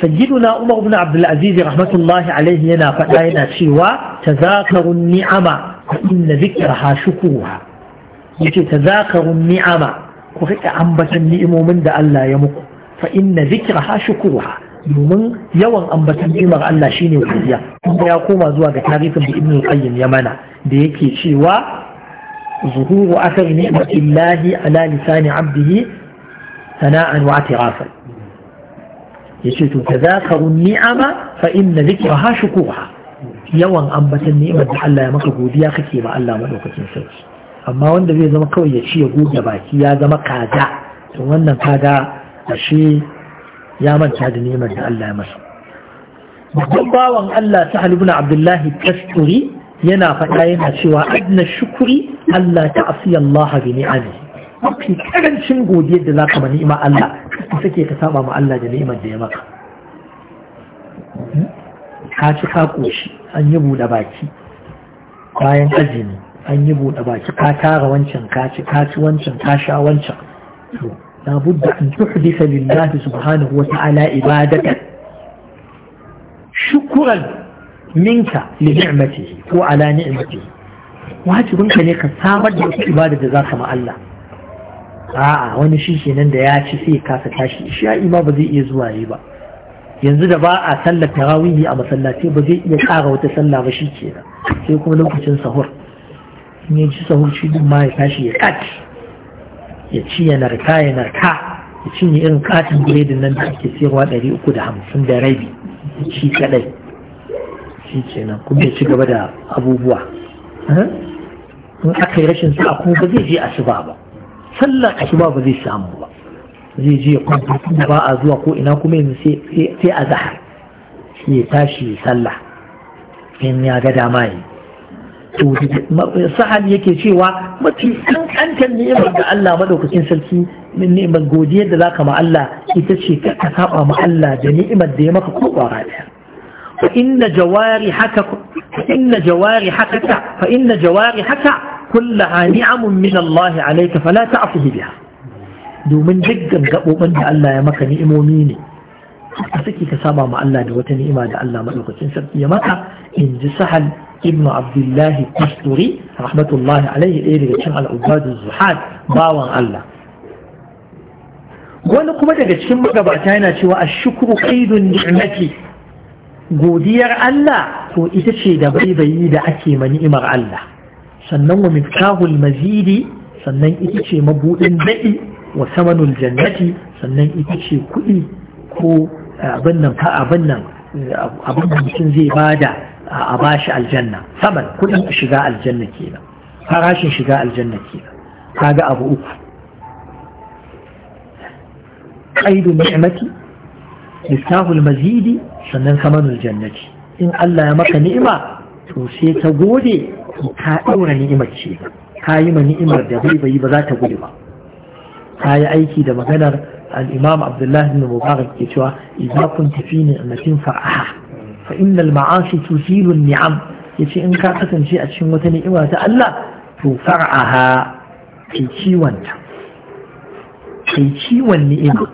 سيدنا عمر بن عبد العزيز رحمة الله عليه ينا فأينا سوى تذاكروا النعمة فإن ذكرها شكوها yace tazakarun ni'ama ku rika ambatan ni'imomin da Allah ya muku fa inna zikraha shukruha domin yawan ambatan ni'imar Allah shine godiya kuma ya koma zuwa ga tarihin da Ibn Qayyim ya mana da yake cewa zuhuru athar ni'matillahi ala lisani 'abdihi sana'an wa i'tirafan yace to tazakarun ni'ama fa inna zikraha shukruha yawan ambatan ni'imar da Allah ya maka godiya kake ba Allah madaukakin sarki amma wanda zai zama kawai ya ci ya goge baki ya zama kaza to wannan kaga ashe ya manta da neman da Allah ya masa babban bawan Allah ta halibuna abdullahi kasturi yana faɗa yana cewa adna shukuri Allah ta asiya Allah bi ni'ami mafi karancin godiyar da zaka ma ni'ima Allah sake ka saba ma Allah da ni'imar da ya maka hmm? ka ci ka koshi an yi buɗe baki bayan azumi an yi buɗe baki ka tara wancan kaci, ci ka ci wancan ka sha wancan to la budda an tuhdisa lillahi subhanahu wa ta'ala ibadatan shukran minka li ni'matihi ko ala ni'matihi wajibin ka ne ka samar da wata ibada da za ka ma Allah a'a wani shi kenan da ya ci sai kasa tashi sha'i ma ba zai iya zuwa yi ba yanzu da ba a sallar tarawihi a masallaci ba zai iya ƙara wata sallah ba shi kenan sai kuma lokacin sahur in ya ji sahurci duk ma ya tashi ya kati ya ci ya narka ya narka ya cinye irin katin biredin nan da ake sayarwa ɗari uku da hamsin da rabi shi kaɗai shi kenan kuma ya ci gaba da abubuwa in aka yi rashin sa'a kuma ba zai je asuba ba sallar asuba ba zai samu ba zai je kwamfuta ba a zuwa ko ina kuma yanzu sai a zahar shi ya tashi sallah in ya ga dama yi to sa'ad yake cewa mafi kankantar ni'imar da Allah madaukakin sarki ni'imar godiyar da zaka ma Allah ita ce ka saba ma Allah da ni'imar da ya maka ko kwara daya fa inna jawari haka fa inna jawari haka fa inna jawari haka kullaha ni'amun min Allah alayka fala ta'fihi biha domin dukkan gabobin da Allah ya maka ni'imomi ne suke ka saba ma Allah da wata ni'ima da Allah madaukakin sarki ya maka in ji sahal ibn abdullahi kasturi rahmatullahi alaihi ɗaya daga cin al'ubadu zuhad bawan Allah wani kuma daga cikin magabata yana cewa a shukuru kaidun ni'mati godiyar Allah to ita ce da baibayi da ake ma ni'imar Allah sannan wa miftahul mazidi sannan ita ce mabudin daɗi wa samanul jannati sannan ita ce kuɗi ko eh, abin nan fa abin nan eh, abin mutum zai bada a bashi aljanna saman kudin shiga aljanna kenan farashin shiga aljanna kenan kaga abu uku qaidu ni'mati lissahul mazidi sannan samanul jannati in Allah ya maka ni'ima to sai ta gode ka daura ni'imar ce ka yi ma ni'imar da bai bai ba za ta gudu ba ka yi aiki da maganar al-imam Abdullah ibn Mubarak ke cewa idza kunta fi ni'matin fa'aha فإن المعاصي تزيل النعم يتي إن كان حسن شيء أتشن وتنئوة تألا تفرعها في شيوان في شيوان نئمة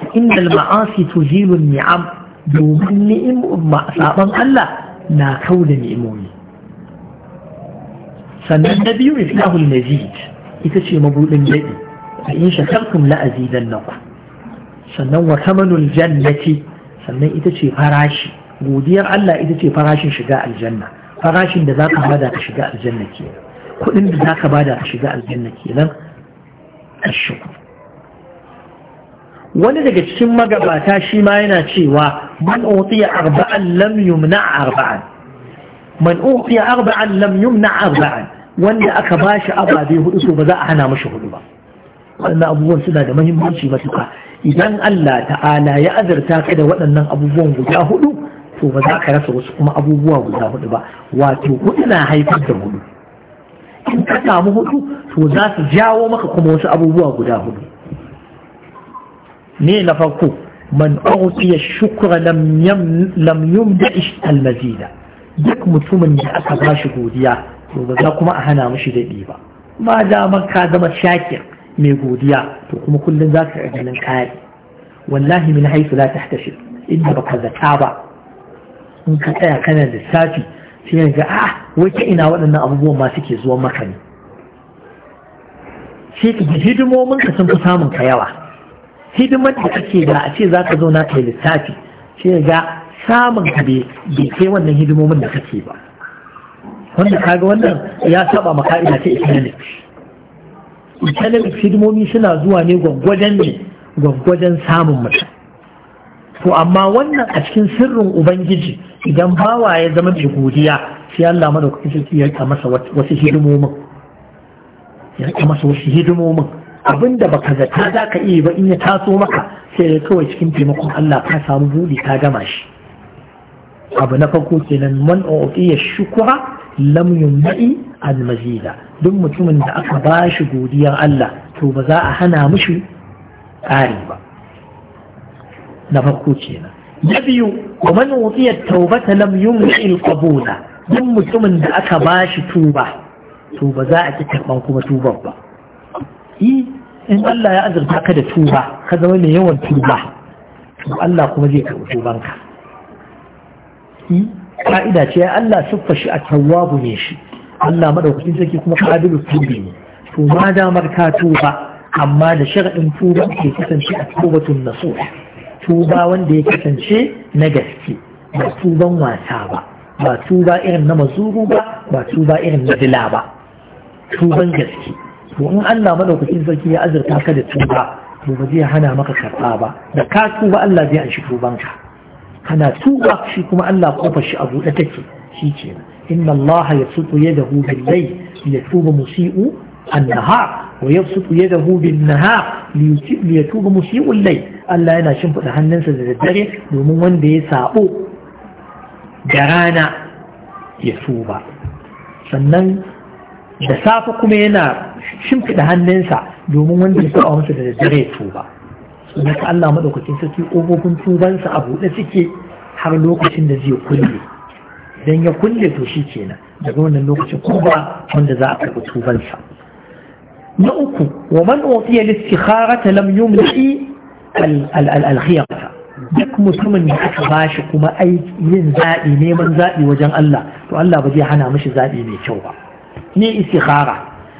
فإن المعاصي تزيل النعم دوم نعم النئم أصابا ألا نا كون نئموي فالنبي إفلاه المزيد إتشي مبروط النبي فإن شكرتم لأزيدنكم sannan وثمن الجنة jannati sannan ita ce godiyar Allah ita ce farashin shiga aljanna farashin da za ka bada ka shiga aljanna ke kudin da zaka bada ka shiga aljanna kenan ashkur wani daga cikin magabata shi ma yana cewa man utiya arba'an lam yumna arba'an man utiya arba'an lam yumna arba'an wanda aka bashi ababe hudu so ba za a hana mashi hudu ba Wannan abubuwan suna da muhimmanci matuƙa idan Allah ta'ala ya azurta ka da waɗannan abubuwan guda hudu to ba za ka rasa wasu kuma abubuwa guda hudu ba wato hudu na haifar da hudu in ka samu hudu to za su jawo maka kuma wasu abubuwa guda hudu ne na farko man ya shukura lam yumda al duk mutumin da aka ba shi godiya to ba za kuma a hana mashi daɗi ba ba damar ka zama shakir mai godiya to kuma kullum za ka ganin kare wallahi min haisu la tahtashir inda baka zata ba in ka tsaya kana lissafi sai ya ga ah wata ina waɗannan abubuwan ma suke zuwa maka ne sai ka ji hidimomin ka sun fi samun ka yawa hidimar da kake da a ce za ka zo na kai lissafi sai ga samun ka bai kai wannan hidimomin da kake ba wanda ga wannan ya saba maka ina ta economics economics hidimomi suna zuwa ne gwaggwajen ne gwaggwajen samun mutum to amma wannan a cikin sirrin ubangiji idan bawa ya zama mai godiya sai Allah madaukakin sarki ya rika masa wasu hidimomin ya rika masa wasu hidimomin abinda baka zata za ka iya ba in ya taso maka sai ya kawai cikin taimakon Allah ka samu buɗi ka gama shi abu na farko kenan man ya shukura lam yumai al mazida duk mutumin da aka ba shi godiyar Allah to ba za a hana mishi ƙari ba na farko kenan na biyu kuma man wutiya taubata lam yumli qabula duk mutumin da aka ba shi tuba to ba za a ci karban kuma tubar ba in Allah ya azurta ka da tuba ka zama mai yawan tuba to Allah kuma zai karɓi tubanka ka'ida ce Allah siffa shi a tawwabu ne shi Allah madaukakin sarki kuma qadiru tubi ne to ma damar ka tuba amma da shar'in tuba ke kasance a tawbatun nasuha tuba wanda ya kasance na gaske ba tuban wasa ba ba tuba irin na mazuru ba ba tuba irin na dila ba tuban gaske to in Allah madaukakin sarki ya azurta ka da tuba to ba zai hana maka karɓa ba da ka tuba Allah zai anshi tubanka kana tuba shi kuma Allah kofar shi a buɗe take shi kenan inna Allah ya tsutu yadahu bil layl ya tuba musii'u النهار ويبسط يده بالنهار ليتوب مسيء الليل Allah yana shimfiɗa hannunsa da daddare domin wanda ya saɓo da rana ya tuba sannan da safe kuma yana shimfiɗa hannunsa domin wanda ya saɓa masa da daddare ya tuba sannan ka Allah maɗaukacin sarki ƙofofin tubansa a buɗe suke har lokacin da zai kulle don ya kulle to shi kenan daga wannan lokacin kuma wanda za a karɓi tubansa na uku wa man utiya listikharata lam yumli al-khiyarata duk mutumin da aka bashi kuma yin zaɓi neman zaɓi wajen Allah to Allah ba zai hana mishi zaɓi mai kyau ba ne istikhara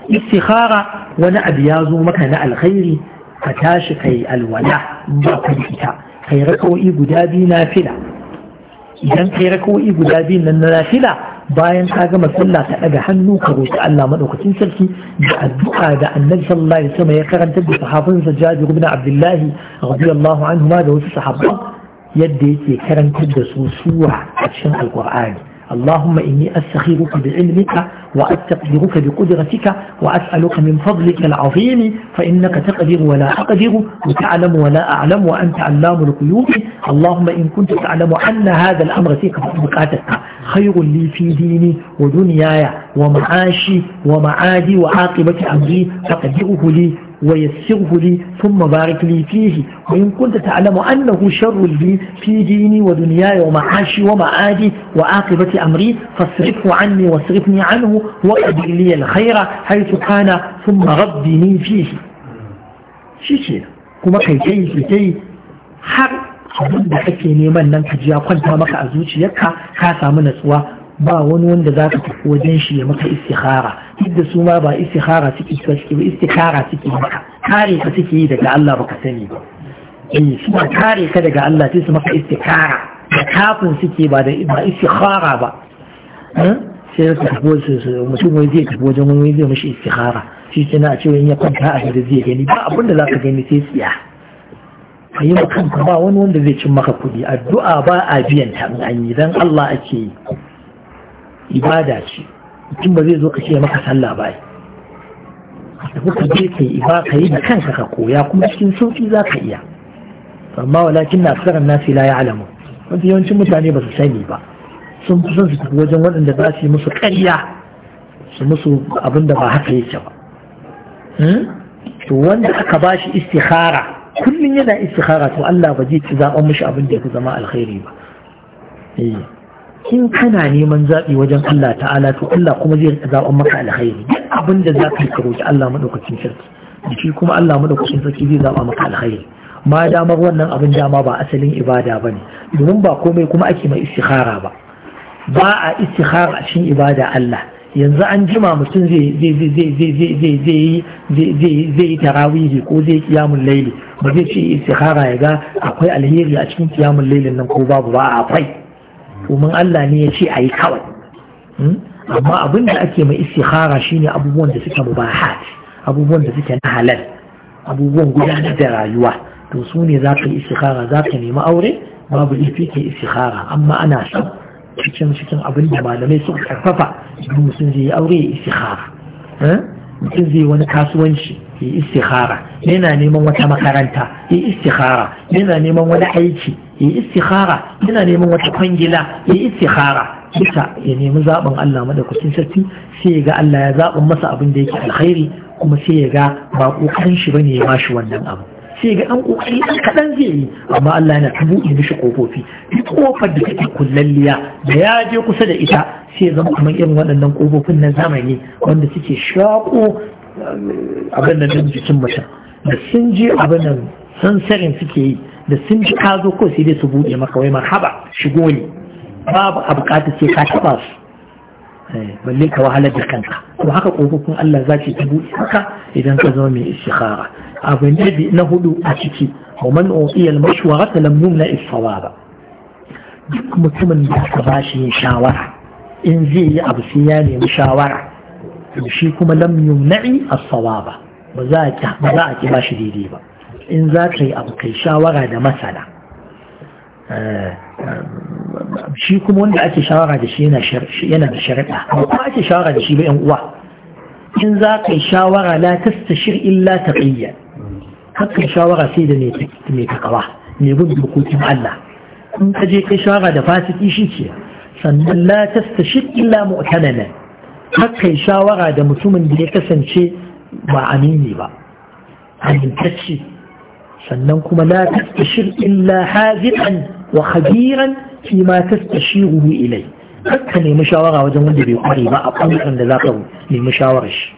istikhara wani abu ya zo maka na alkhairi ka tashi kai alwala ba ka ita kai rakawai guda biyu na fila idan kai rakawai guda biyu na fila bayan ka gama sallah ka daga hannu ka roki Allah madaukakin sarki da addu'a da annabi sallallahu alaihi wasallam ya karanta da sahabbansa Jabir ibn Abdullah radiyallahu anhu ma da wasu sahabban yadda yake karantar da su sura a cikin alkur'ani اللهم إني أستخيرك بعلمك وأستقدرك بقدرتك وأسألك من فضلك العظيم فإنك تقدر ولا أقدر وتعلم ولا أعلم وأنت علام القيوب اللهم إن كنت تعلم أن هذا الأمر فيك فأبقاتك خير لي في ديني ودنياي ومعاشي ومعادي وعاقبة أمري فقدره لي ويسره لي ثم بارك لي فيه وإن كنت تعلم أنه شر لي في ديني ودنياي ومعاشي ومعادي وعاقبة أمري فاصرفه عني واصرفني عنه وأدر لي الخير حيث كان ثم ربني فيه شيء كما كي كي كي حر abin da kake neman nan ka ji ya kwanta maka a zuciyarka ka samu natsuwa ba wani wanda za ka tafi wajen shi ya maka istikhara duk da su ma ba istikhara suke ba suke ba istikhara suke maka kare ka suke yi daga Allah baka sani ba eh suna kare ka daga Allah sai su maka istikhara da kafin suke ba da ba istikhara ba eh, sai ka tafi wasu mutum wai zai tafi wajen wani zai mishi istikhara shi sai na ce wani ya kwanta a gida zai gani ba abin da za ka gani sai tsiya ka yi kanka ba wani wanda zai cin maka kuɗi addu'a ba a biyan ta in an yi dan Allah ake yi ibada ce mutum ba zai zo ka ce maka sallah ba ya kuka je ka yi ba ka yi da kanka ka koya kuma cikin sauki za ka iya amma walakin na tsaron nasi la ya alamu wanda yawancin mutane ba su sani ba sun fi son su tafi wajen waɗanda za su yi musu ƙarya su musu abin da ba haka yake ba hmm? to wanda aka ba shi istihara kullum yana istihara to Allah ba zai ci zaɓen mishi abin da ya fi zama alkhairi ba eh. in kana neman zaɓi wajen Allah ta'ala to Allah kuma zai zaɓen maka alkhairi duk abin da za ka yi roƙi Allah maɗaukacin sarki shi kuma Allah maɗaukacin sarki zai zaɓa maka alkhairi ma damar wannan abin dama ba asalin ibada ba ne domin ba komai kuma ake mai istikhara ba ba a istikhara a cikin ibada Allah yanzu an jima mutum zai yi tarawihi ko zai kiyamun laili ba zai ce istikhara ya ga akwai alheri a cikin kiyamun lailin nan ko babu ba akwai domin Allah ne ya ce a yi kawai hmm? amma abin da ake mai istikhara shine abubuwan da suke mubahat abubuwan da suke na halal abubuwan gudanar da rayuwa to su ne za ka yi istikhara za ka nemi aure babu laifi ke istikhara amma ana son cikin cikin abin da malamai suka karfafa idan mutum zai yi aure ya istikhara hmm? mutum zai wani kasuwanci ya istikhara yana neman wata makaranta ya istikhara yana neman wani aiki Ya yi istikhara yana neman wata kwangila Ya yi istikhara ita ya nemi zaɓin Allah madaukakin sarki sai ya ga Allah ya zaɓin masa abin da yake alkhairi kuma sai ya ga ba ƙoƙarin shi bane ya mashi wannan abu sai ga ɗan ƙoƙari ɗan kaɗan zai yi amma Allah yana ta buɗe mishi ƙofofi duk ƙofar da take kullalliya da ya je kusa da ita sai zama kamar irin waɗannan ƙofofin na zamani wanda suke shaƙo eh, abin nan jikin mutum da sun je abin nan sansarin suke yi da sun ji ka zo ko sai dai su buɗe maka wai marhaba shigo ne babu a buƙatar sai ka taɓa su balle ka wahalar da kanka to haka kofofin Allah za ta buɗe haka idan ka zama mai istikhara abu ne na hudu a ciki wa man uqiya al-mashwara lam yumna as-sawaba duk mutumin da aka bashi yin shawara in zai yi abu sai ya nemi shawara to shi kuma lam yumna'i as-sawaba ba za a ki ba za a bashi daidai ba in za ka yi abu kai shawara da masana shi kuma wanda ake shawara da shi yana da shari'a kuma ake shawara da shi ba yan uwa in za ka yi shawara la shir illa ta taqiyya hakan shawara sai da mai takawa mai bin dokokin Allah in ka je kai shawara da fasiki shi ce sannan la shir illa mu'tanana hakan shawara da mutumin da ya kasance ba amini ba amintacce sannan kuma la tastashir illa haziqan wa khabiran fi ma tastashiruhu ilai ka nemi shawara wajen wanda bai kware ba a bangaren da zaka nemi shawarar shi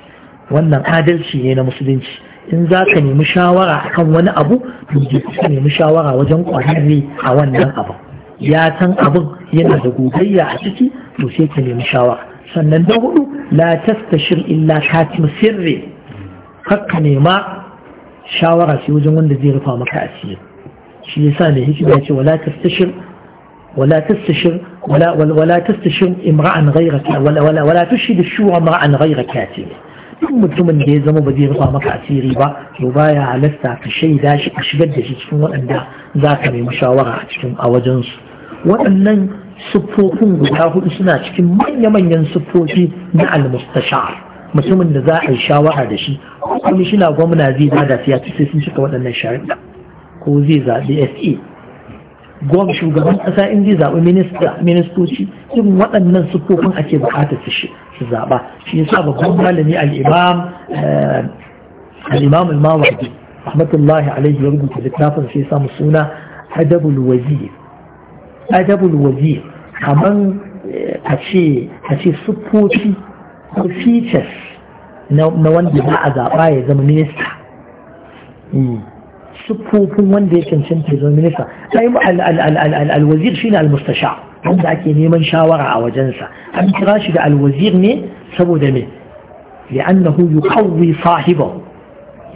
wannan adalci ne na musulunci in za ka nemi shawara akan wani abu to je ka nemi shawara wajen kwararre a wannan abu ya san abin yana da gogayya a ciki to sai ka nemi shawara sannan da hudu la tastashir illa katim sirri kakka nema شاورة سيوزن وندى دي غفا مكاسية شلسانة هيك بيتي ولا تستشر ولا تستشر ولا ولا, ولا تستشر امرأة غيرك ولا ولا ولا تشهد الشورى امرأة غير كاتبة ثم ثم دي زمو بدي غفا مكاسية ريبا يبايا على في شيء داش اشقد شيء تكون وندى ذاك مشاورة تكون اوزنس وانن صفوفون غدا هو اسنا من يمن ينصفوه على المستشار mutumin da za a yi shawara da shi na gwamna zai zada da ya ci sai sun cika waɗannan shari'a ko zai zaɓi sa gwam shugaban ƙasa in zai zaɓi ministoci irin waɗannan siffofin ake buƙatar su su zaɓa shi yasa babban malami al-imam eh, al-imam rahmatullahi alaihi ya rubuta littafin sai samu suna adabul wazir adabul wazir eh, a ce siffofi ko features na wanda za a zaɓa ya zama minista hmm. siffofin wanda ya cancanta ya zama minista ai alwazir shine almustasha wanda ake neman shawara a wajensa an kira shi da alwazir ne saboda me li'annahu yuqawwi sahibahu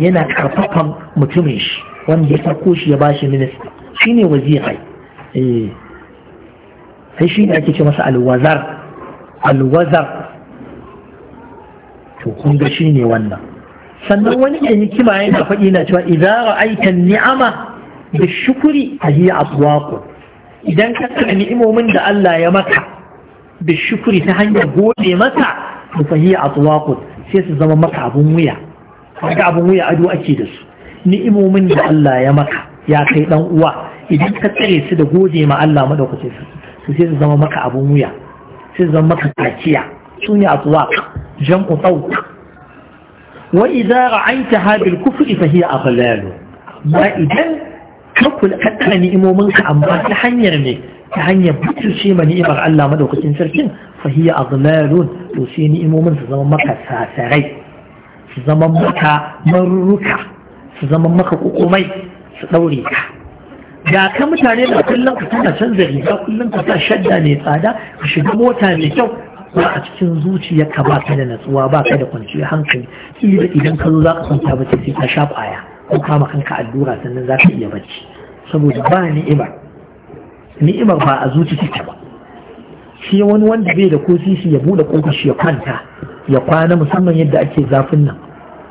yana karfafan mutumin shi wanda ya farko shi ya bashi minista ne wazirai eh sai shi ake ce masa alwazar alwazar to kun ga ne wannan sannan wani ɗan hikima yana faɗi na cewa idan ra'aita ni'ama da shukuri a hiya aswaqu idan ka ga ni'imomin da Allah ya maka da shukuri ta hanyar gode masa to fa hiya aswaqu sai su zama maka abun wuya kaga abun wuya ado ake da su ni'imomin da Allah ya maka ya kai dan uwa idan ka tsare su da gode ma Allah madaukakin su sai su zama maka abun wuya sai su zama maka kaciya su ne aswaqu jam'u tsauk wa idza ra'aitaha bil kufri fa hiya aghlal ba idan ka kula ka ni'imomin ka amma ta hanyar ne ta hanyar butulce ma ni'imar Allah madaukakin sarkin fa hiya aghlal to sai ni'imomin su zama maka sasarai su zama maka maruruka su zama maka kukumai su daure ka ga ka mutane da kullum ku tana canza riga kullum ka sa shadda mai tsada ka shiga mota mai kyau ba a cikin zuciyarka ka ba kai da natsuwa ba ka da kwanciyar hankali ila idan ka zo za ka kwanta bacci sai ka sha kwaya ko kama kanka allura sannan za ka iya bacci saboda ba ni'imar ni'imar ba a zuci take ba shi wani wanda bai da kosisi ya bude kofar shi ya kwanta ya kwana musamman yadda ake zafin nan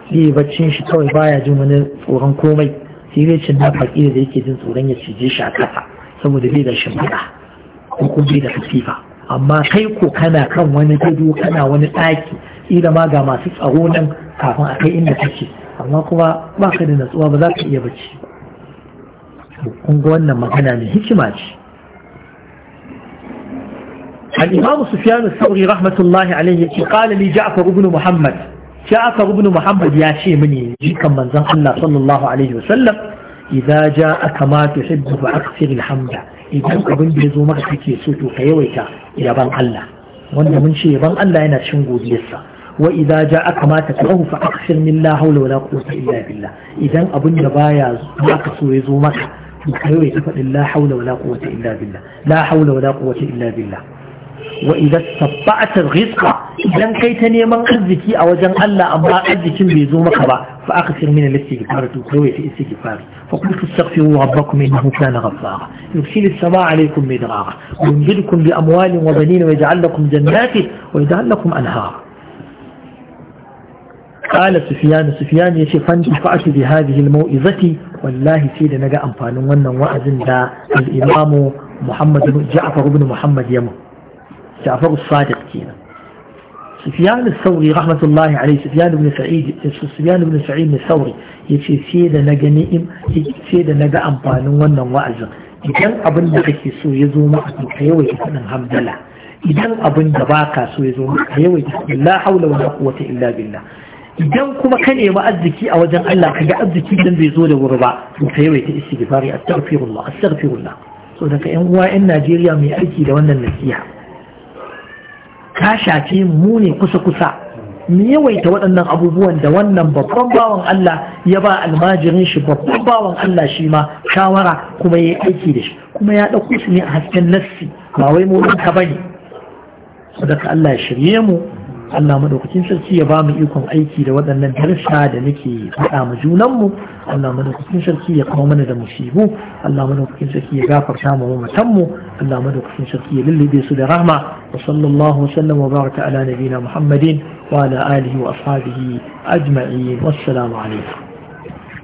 sai baccin shi kawai baya jin wani tsoron komai sai ya cin na fakira da yake jin tsoron ya cije shi a kafa saboda bai da shimfiɗa ko kuma bai da katifa amma kai ko kana kan wani gado kana wani ɗaki ila ma ga masu tsaro nan kafin a kai inda kake amma kuma ba ka da natsuwa ba za ka iya bacci kun ga wannan magana ne hikima ce الإمام سفيان الثوري رحمة الله عليه قال لي جعفر بن محمد جعفر بن محمد يا شي مني جيكا من زن الله صلى الله عليه وسلم إذا جاءك ما تحب فأكثر الحمد idan abin da ya zo maka kake so to ka yawaita yaban Allah wanda mun ce yaban Allah yana cin godiyarsa wa idza ja'aka ma takrahu fa aksir min la hawla wala quwwata illa billah idan abin da baya maka so ya zo maka to ka yawaita fadin la hawla wala quwwata illa billah la hawla wala quwwata illa billah wa idza tabba'ta rizqa idan kai ta neman arziki a wajen Allah amma arzikin bai zo maka ba فأكثر من الاستغفار تكروي في الاستغفار فقلت استغفروا ربكم إنه كان غفارا يرسل السماء عليكم مدرارا وينزلكم بأموال وبنين ويجعل لكم جنات ويجعل لكم أنهارا قال سفيان سفيان يا يشي فانتفعت بهذه الموئزة والله سيد نجا أنفان ونن وأذن دا الإمام محمد جعفر بن محمد يمو جعفر الصادق كينا سفيان الثوري رحمة الله عليه سفيان بن سعيد سفيان بن سعيد الثوري يشي سيدا نجا نئم سيدا نجا أمبان ونن وأزن idan abin da kake so ya zo maka to ka yawaita faɗin hamdala idan abin da baka so ya zo maka ka yawaita la haula wala quwwata illa billah idan kuma ka nemi arziki a wajen Allah kaga arziki dan bai zo da wuri ba to ka yawaita istighfari astaghfirullah astaghfirullah so daga yan uwa yan Najeriya mai aiki da wannan nasiha ka shafi mu ne kusa-kusa mu yawaita waɗannan abubuwan da wannan babban bawan Allah ya ba almajirin shi babban bawan Allah shi ma shawara kuma ya aiki da shi kuma ya ɗauko su ne a hasken nassi ba wai mu ka bane saboda Allah ya shirye mu Allah madaukakin sarki ya ba mu ikon aiki da waɗannan darussa da nake faɗa mu junanmu Allah madaukakin sarki ya kawo mana da musibu Allah madaukakin sarki ya gafarta mu matanmu Allah madaukakin sarki ya lullube su da rahma wa sallallahu wa sallam wa baraka ala nabiyina Muhammadin wa ala alihi wa ashabihi ajma'in wassalamu alaikum